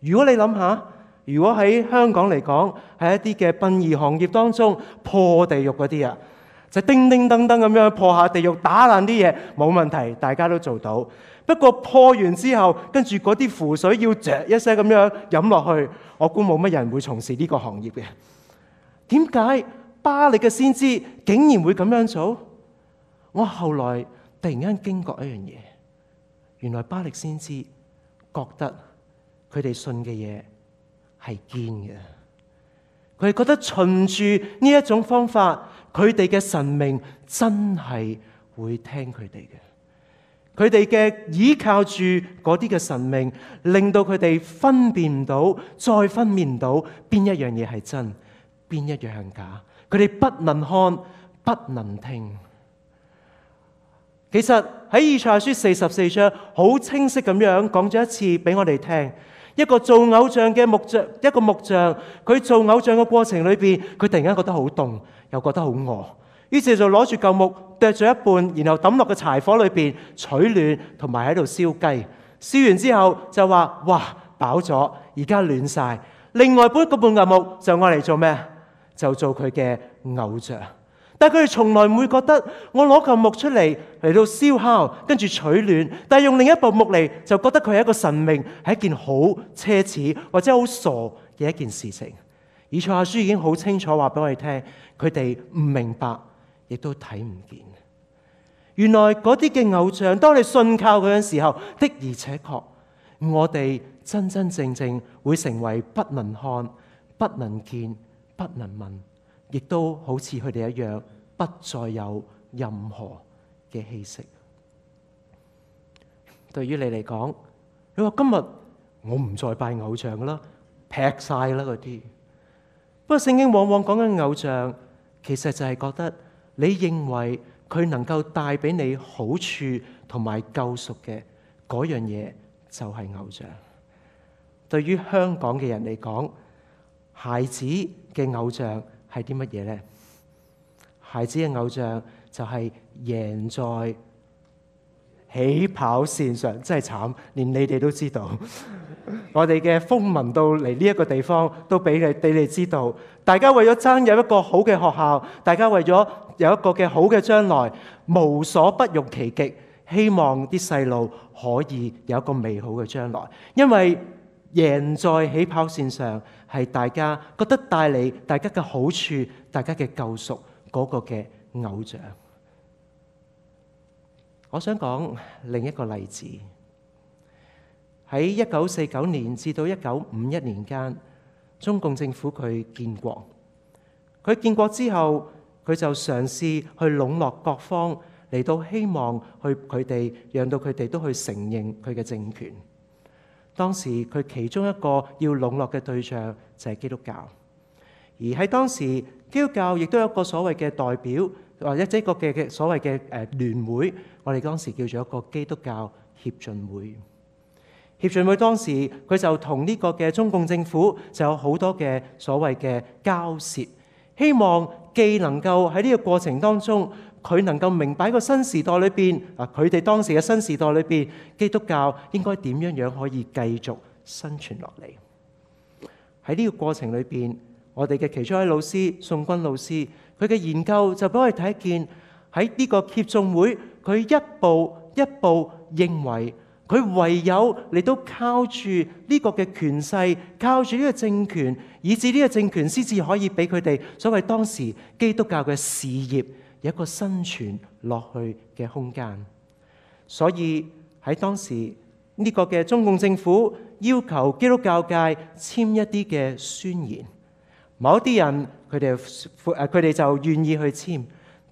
如果你諗下，如果喺香港嚟講，喺一啲嘅殯儀行業當中破地獄嗰啲啊，就叮叮噔噔咁樣破下地獄，打爛啲嘢冇問題，大家都做到。不過破完之後，跟住嗰啲符水要嚼一聲咁樣飲落去，我估冇乜人會從事呢個行業嘅。點解巴力嘅先知竟然會咁樣做？我後來突然間驚覺一樣嘢，原來巴力先知覺得佢哋信嘅嘢係堅嘅，佢哋覺得循住呢一種方法，佢哋嘅神明真係會聽佢哋嘅。佢哋嘅依靠住嗰啲嘅神明令到佢哋分辨唔到，再分辨唔到邊一樣嘢係真，邊一樣係假。佢哋不能看，不能聽。其實喺以賽書四十四章，好清晰咁樣講咗一次俾我哋聽。一個做偶像嘅木匠，一個木匠佢做偶像嘅過程裏邊，佢突然間覺得好凍，又覺得好餓，於是就攞住舊木。剁咗一半，然後抌落個柴火裏邊取暖，同埋喺度燒雞。燒完之後就話：哇，飽咗，而家暖晒。另外一半個半根木就愛嚟做咩？就做佢嘅偶像。但係佢哋從來唔會覺得，我攞嚿木出嚟嚟到燒烤，跟住取暖。但係用另一部木嚟，就覺得佢係一個神明，係一件好奢侈或者好傻嘅一件事情。以賽亞書已經好清楚話俾我哋聽，佢哋唔明白。亦都睇唔見，原來嗰啲嘅偶像，當你信靠佢嘅時候，的而且確，我哋真真正正會成為不能看、不能見、不能聞，亦都好似佢哋一樣，不再有任何嘅氣息。對於你嚟講，你話今日我唔再拜偶像啦，劈晒啦嗰啲。不過聖經往往講緊偶像，其實就係覺得。你認為佢能夠帶俾你好處同埋救贖嘅嗰樣嘢，就係偶像。對於香港嘅人嚟講，孩子嘅偶像係啲乜嘢呢？孩子嘅偶像就係贏在起跑線上，真係慘，連你哋都知道。 我哋嘅風聞到嚟呢一個地方，都俾你哋你知道。大家為咗爭有一個好嘅學校，大家為咗有一個嘅好嘅將來，無所不用其極，希望啲細路可以有一個美好嘅將來。因為贏在起跑線上係大家覺得帶嚟大家嘅好處，大家嘅救贖嗰個嘅偶像。我想講另一個例子，喺一九四九年至到一九五一年間，中共政府佢建國，佢建國之後佢就嘗試去籠絡各方，嚟到希望去佢哋讓到佢哋都去承認佢嘅政權。當時佢其中一個要籠絡嘅對象就係基督教，而喺當時基督教亦都有一個所謂嘅代表，或者一個嘅嘅所謂嘅誒聯會，我哋當時叫做一個基督教協進會。協進會當時佢就同呢個嘅中共政府就有好多嘅所謂嘅交涉，希望既能夠喺呢個過程當中，佢能夠明白喺個新時代裏邊啊，佢哋當時嘅新時代裏邊，基督教應該點樣樣可以繼續生存落嚟。喺呢個過程裏邊，我哋嘅其中一位老師宋軍老師，佢嘅研究就俾我哋睇見喺呢個協進會，佢一步一步認為。佢唯有嚟到靠住呢個嘅權勢，靠住呢個政權，以至呢個政權先至可以俾佢哋所謂當時基督教嘅事業有一個生存落去嘅空間。所以喺當時呢個嘅中共政府要求基督教界簽一啲嘅宣言，某一啲人佢哋佢哋就願意去簽，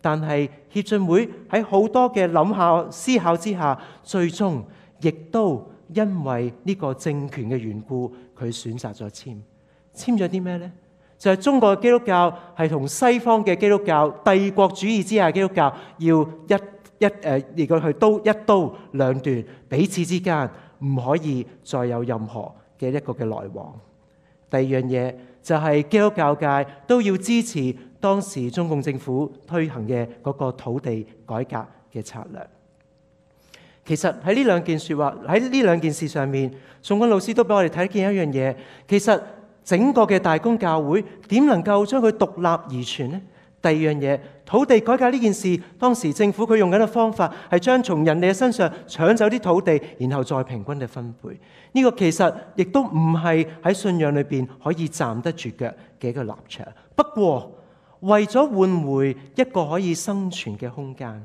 但係協進會喺好多嘅諗下思考之下，最終。亦都因為呢個政權嘅緣故，佢選擇咗簽簽咗啲咩呢？就係、是、中國嘅基督教係同西方嘅基督教帝國主義之下，基督教要一一誒，一刀一刀兩斷，彼此之間唔可以再有任何嘅一個嘅來往。第二樣嘢就係、是、基督教界都要支持當時中共政府推行嘅嗰個土地改革嘅策略。其實喺呢兩件説話喺呢兩件事上面，宋君老師都俾我哋睇見一樣嘢。其實整個嘅大公教會點能夠將佢獨立而存呢？第二樣嘢，土地改革呢件事，當時政府佢用緊嘅方法係將從人哋嘅身上搶走啲土地，然後再平均地分配。呢、這個其實亦都唔係喺信仰裏邊可以站得住腳嘅一個立場。不過為咗換回一個可以生存嘅空間，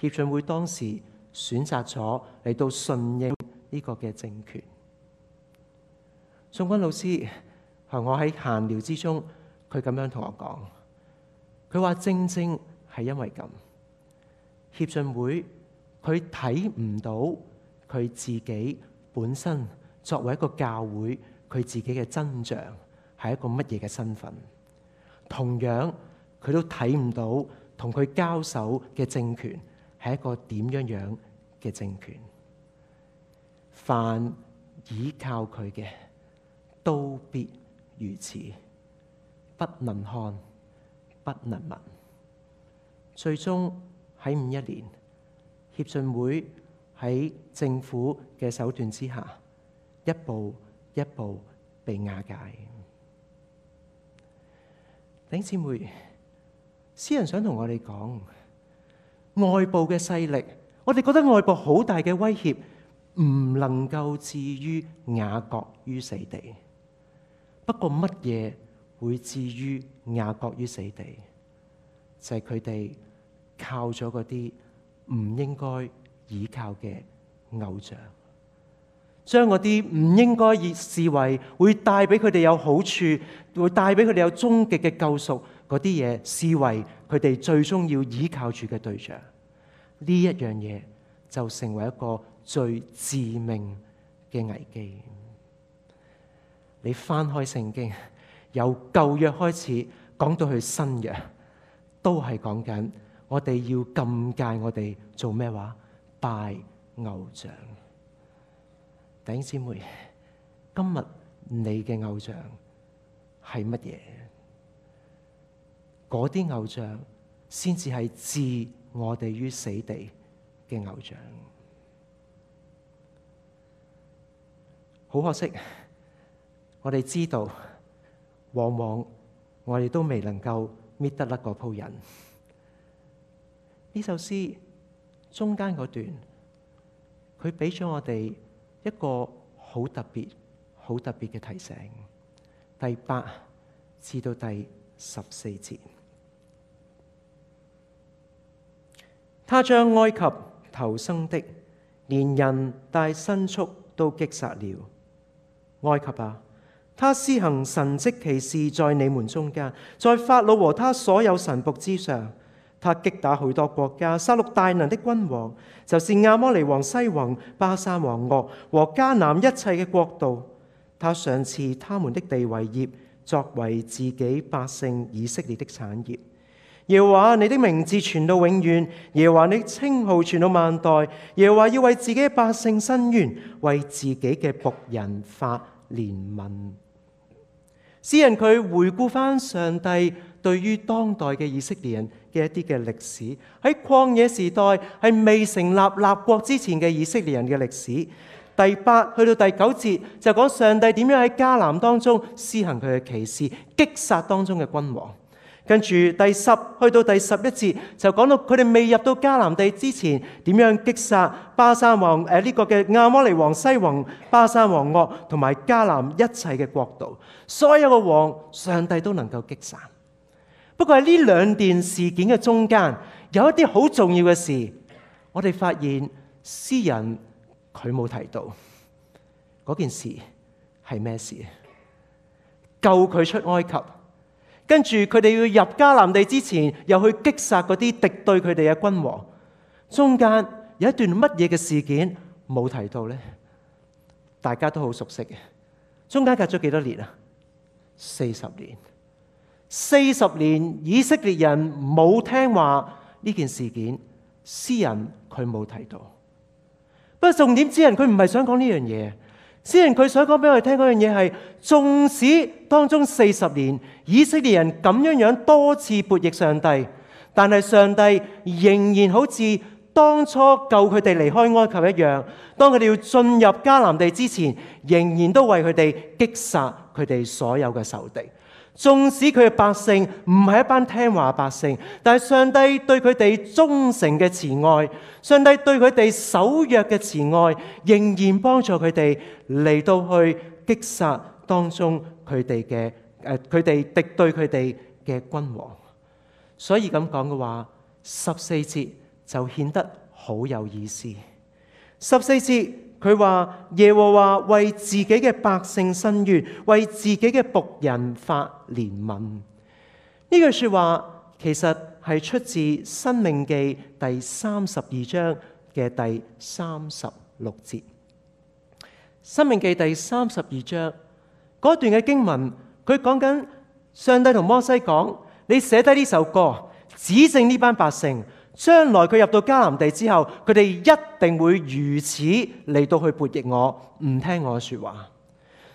協進會當時。選擇咗嚟到順應呢個嘅政權。宋君老師係我喺閒聊之中，佢咁樣同我講，佢話正正係因為咁，協進會佢睇唔到佢自己本身作為一個教會佢自己嘅真相係一個乜嘢嘅身份，同樣佢都睇唔到同佢交手嘅政權係一個點樣樣嘅政權，凡倚靠佢嘅都必如此，不能看，不能聞。最終喺五一年，協進會喺政府嘅手段之下，一步一步被瓦解。丁姊妹，私人想同我哋講，外部嘅勢力。我哋覺得外部好大嘅威脅唔能夠置於雅各於死地。不過乜嘢會置於雅各於死地？就係佢哋靠咗嗰啲唔應該依靠嘅偶像，將嗰啲唔應該以視為會帶俾佢哋有好處、會帶俾佢哋有終極嘅救贖嗰啲嘢，視為佢哋最終要依靠住嘅對象。呢一樣嘢就成為一個最致命嘅危機。你翻開聖經，由舊約開始講到去新約，都係講緊我哋要禁戒我哋做咩話？拜偶像。弟兄姊妹，今日你嘅偶像係乜嘢？嗰啲偶像先至係自。我哋於死地嘅偶像，好可惜。我哋知道，往往我哋都未能夠搣得甩嗰鋪人。呢首詩中間嗰段，佢俾咗我哋一個好特別、好特別嘅提醒。第八至到第十四節。他將埃及投生的連人帶牲畜都擊殺了。埃及啊，他施行神蹟奇事在你們中間，在法老和他所有臣僕之上。他擊打許多國家，殺戮大能的君王，就是亞摩利王西宏、巴珊王惡和迦南一切嘅國度。他賞賜他們的地為業，作為自己百姓以色列的產業。耶話，你的名字傳到永遠，耶和華你稱號傳到萬代，耶和華要為自己百姓伸冤，為自己嘅僕人發憐憫。詩人佢回顧翻上帝對於當代嘅以色列人嘅一啲嘅歷史，喺曠野時代係未成立立國之前嘅以色列人嘅歷史。第八去到第九節就講上帝點樣喺迦南當中施行佢嘅奇事，擊殺當中嘅君王。跟住第十去到第十一節就講到佢哋未入到迦南地之前點樣擊殺巴山王誒呢、呃這個嘅亞摩尼王西王巴山王惡同埋迦南一切嘅國度，所有嘅王上帝都能夠擊殺。不過喺呢兩段事件嘅中間有一啲好重要嘅事，我哋發現詩人佢冇提到嗰件事係咩事？救佢出埃及。跟住佢哋要入迦南地之前，又去擊殺嗰啲敵對佢哋嘅君王。中間有一段乜嘢嘅事件冇提到咧？大家都好熟悉嘅。中間隔咗幾多年啊？四十年，四十年,年以色列人冇聽話呢件事件。詩人佢冇提到。不過重點，詩人佢唔係想講呢樣嘢。雖然佢想講俾我哋聽嗰樣嘢係，縱使當中四十年，以色列人咁樣樣多次悖逆上帝，但係上帝仍然好似當初救佢哋離開埃及一樣，當佢哋要進入迦南地之前，仍然都為佢哋擊殺佢哋所有嘅仇敵。縱使佢嘅百姓唔係一班聽話百姓，但係上帝對佢哋忠誠嘅慈愛，上帝對佢哋守約嘅慈愛，仍然幫助佢哋嚟到去擊殺當中佢哋嘅誒，佢哋敵對佢哋嘅君王。所以咁講嘅話，十四節就顯得好有意思。十四節。佢話耶和華為自己嘅百姓伸冤，為自己嘅僕人發憐憫。呢句說話其實係出自《申命記》第三十二章嘅第三十六節。《申命記》第三十二章嗰段嘅經文，佢講緊上帝同摩西講：你寫低呢首歌，指正呢班百姓。將來佢入到迦南地之後，佢哋一定會如此嚟到去悖逆我，唔聽我嘅說話。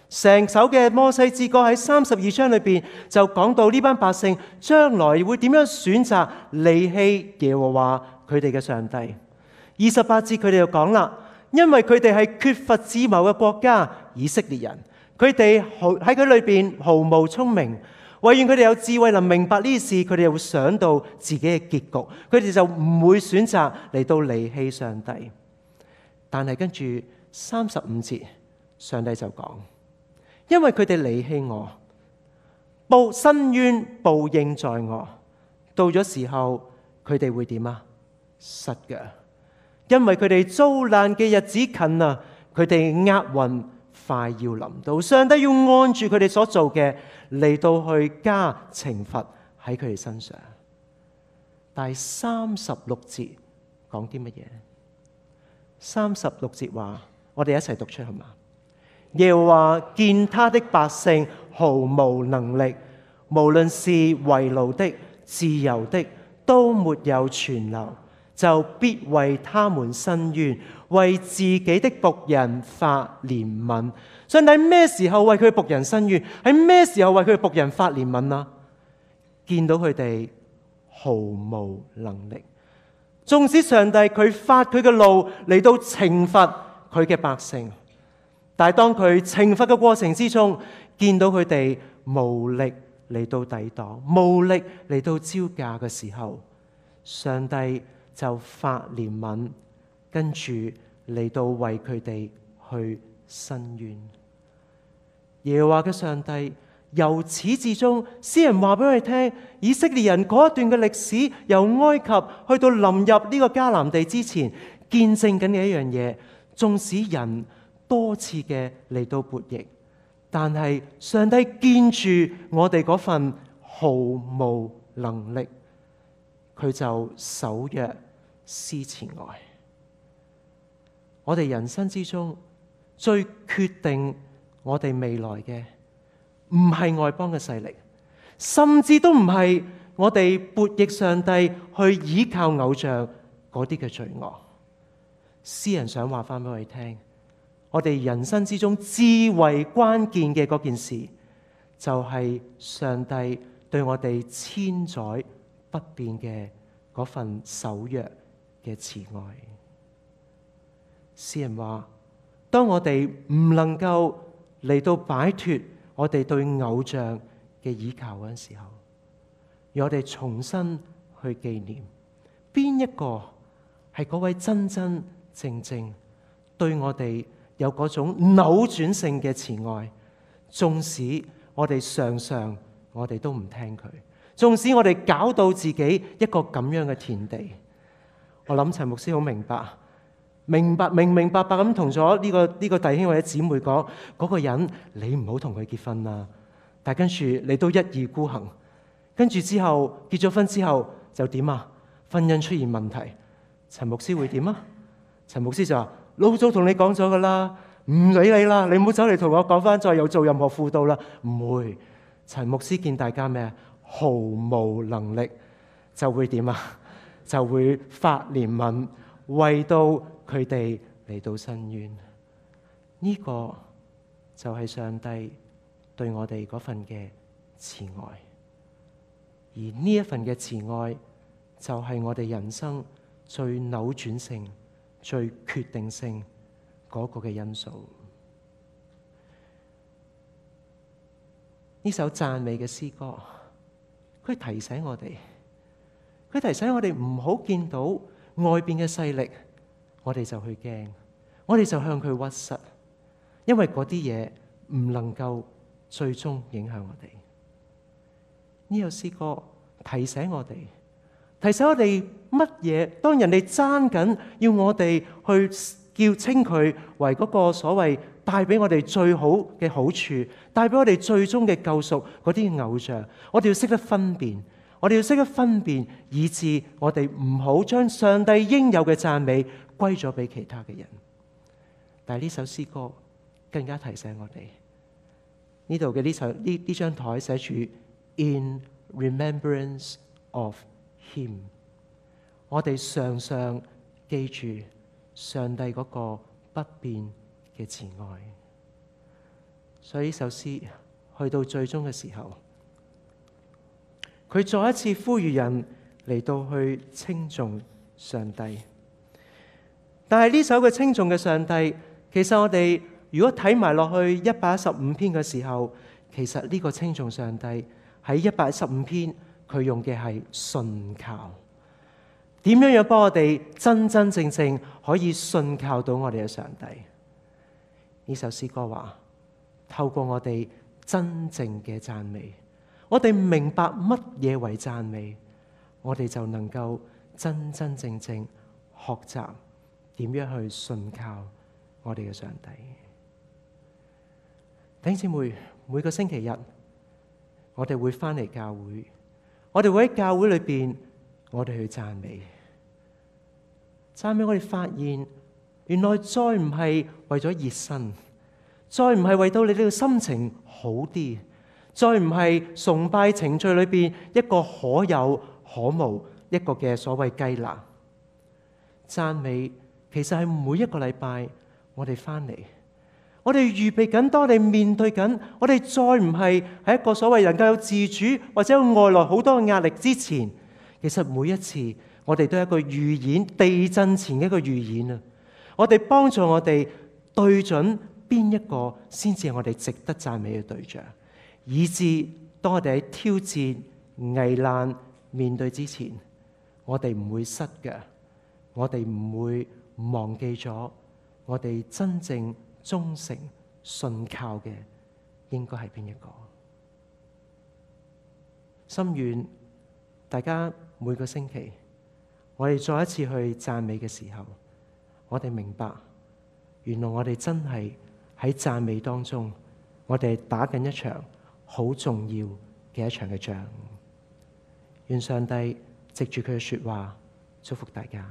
成首嘅摩西之歌喺三十二章裏邊就講到呢班百姓將來會點樣選擇離棄耶和華佢哋嘅上帝。二十八節佢哋就講啦，因為佢哋係缺乏自謀嘅國家以色列人，佢哋毫喺佢裏邊毫無聰明。唯願佢哋有智慧，能明白呢事，佢哋又會想到自己嘅結局，佢哋就唔會選擇嚟到離棄上帝。但係跟住三十五節，上帝就講，因為佢哋離棄我，報伸冤，報應在我，到咗時候佢哋會點啊？失腳，因為佢哋遭難嘅日子近啦，佢哋厄運。快要臨到，上帝要按住佢哋所做嘅嚟到去加懲罰喺佢哋身上。第三十六節講啲乜嘢？三十六節話，我哋一齊讀出好嘛？耶和華見他的百姓毫無能力，無論是為奴的、自由的，都沒有存留，就必為他們伸冤。為自己的僕人發憐憫，上帝咩時候為佢僕人伸冤？喺咩時候為佢僕人發憐憫啊？見到佢哋毫無能力，縱使上帝佢發佢嘅怒嚟到懲罰佢嘅百姓，但係當佢懲罰嘅過程之中，見到佢哋無力嚟到抵擋，無力嚟到招架嘅時候，上帝就發憐憫。跟住嚟到為佢哋去申冤，耶和華嘅上帝由始至終。詩人話俾佢聽，以色列人嗰一段嘅歷史，由埃及去到臨入呢個迦南地之前，見證緊嘅一樣嘢，縱使人多次嘅嚟到悖逆，但係上帝見住我哋嗰份毫無能力，佢就守約施慈愛。」我哋人生之中最決定我哋未來嘅，唔係外邦嘅勢力，甚至都唔係我哋悖逆上帝去倚靠偶像嗰啲嘅罪惡。詩人想話翻俾我哋聽，我哋人生之中至為關鍵嘅嗰件事，就係上帝對我哋千載不變嘅嗰份守約嘅慈愛。詩人話：當我哋唔能夠嚟到擺脫我哋對偶像嘅倚靠嗰陣時候，要我哋重新去紀念邊一個係嗰位真真正正對我哋有嗰種扭轉性嘅慈愛，縱使我哋常常，我哋都唔聽佢，縱使我哋搞到自己一個咁樣嘅田地，我諗陳牧師好明白。明白明明白白咁同咗呢個呢個弟兄或者姊妹講，嗰個人你唔好同佢結婚啦。但係跟住你都一意孤行，跟住之後結咗婚之後就點啊？婚姻出現問題，陳牧師會點啊？陳牧師就話老早同你講咗噶啦，唔理你啦，你唔好走嚟，同我講翻再，有做任何輔導啦，唔會。陳牧師見大家咩？毫無能力就會點啊？就會發憐憫，為到。佢哋嚟到深淵，呢個就係上帝對我哋嗰份嘅慈愛，而呢一份嘅慈愛就係我哋人生最扭轉性、最決定性嗰個嘅因素。呢首讚美嘅詩歌，佢提醒我哋，佢提醒我哋唔好見到外邊嘅勢力。我哋就去驚，我哋就向佢屈膝，因為嗰啲嘢唔能夠最終影響我哋。呢個試過提醒我哋，提醒我哋乜嘢？當人哋爭緊要我哋去叫稱佢為嗰個所謂帶俾我哋最好嘅好處，帶俾我哋最終嘅救贖嗰啲偶像，我哋要識得分辨。我哋要識得分辨，以致我哋唔好將上帝應有嘅讚美歸咗俾其他嘅人。但係呢首詩歌更加提醒我哋，呢度嘅呢首呢，呢張台寫住 In Remembrance of Him，我哋常常記住上帝嗰個不變嘅慈愛。所以呢首詩去到最終嘅時候。佢再一次呼籲人嚟到去稱頌上帝，但係呢首嘅稱頌嘅上帝，其實我哋如果睇埋落去一百一十五篇嘅時候，其實呢、這個稱頌上帝喺一百一十五篇佢用嘅係信靠。點樣樣幫我哋真真正正可以信靠到我哋嘅上帝？呢首詩歌話透過我哋真正嘅讚美。我哋明白乜嘢為讚美，我哋就能夠真真正正學習點樣去信靠我哋嘅上帝。弟兄姊妹，每個星期日我哋會翻嚟教會，我哋會喺教會裏邊，我哋去讚美。讚美，我哋發現，原來再唔係為咗熱身，再唔係為到你哋嘅心情好啲。再唔係崇拜程序裏邊一個可有可無一個嘅所謂雞肋讚美，其實係每一個禮拜我哋翻嚟，我哋預備緊，當你面對緊，我哋再唔係喺一個所謂能夠有自主或者有外來好多嘅壓力之前，其實每一次我哋都係一個預演地震前嘅一個預演啊！我哋幫助我哋對準邊一個先至，係我哋值得讚美嘅對象。以致當我哋喺挑戰危難面對之前，我哋唔會失嘅，我哋唔會忘記咗我哋真正忠誠信靠嘅應該係邊一個。心願，大家每個星期我哋再一次去讚美嘅時候，我哋明白，原來我哋真係喺讚美當中，我哋打緊一場。好重要嘅一場嘅仗，願上帝藉住佢嘅說話祝福大家。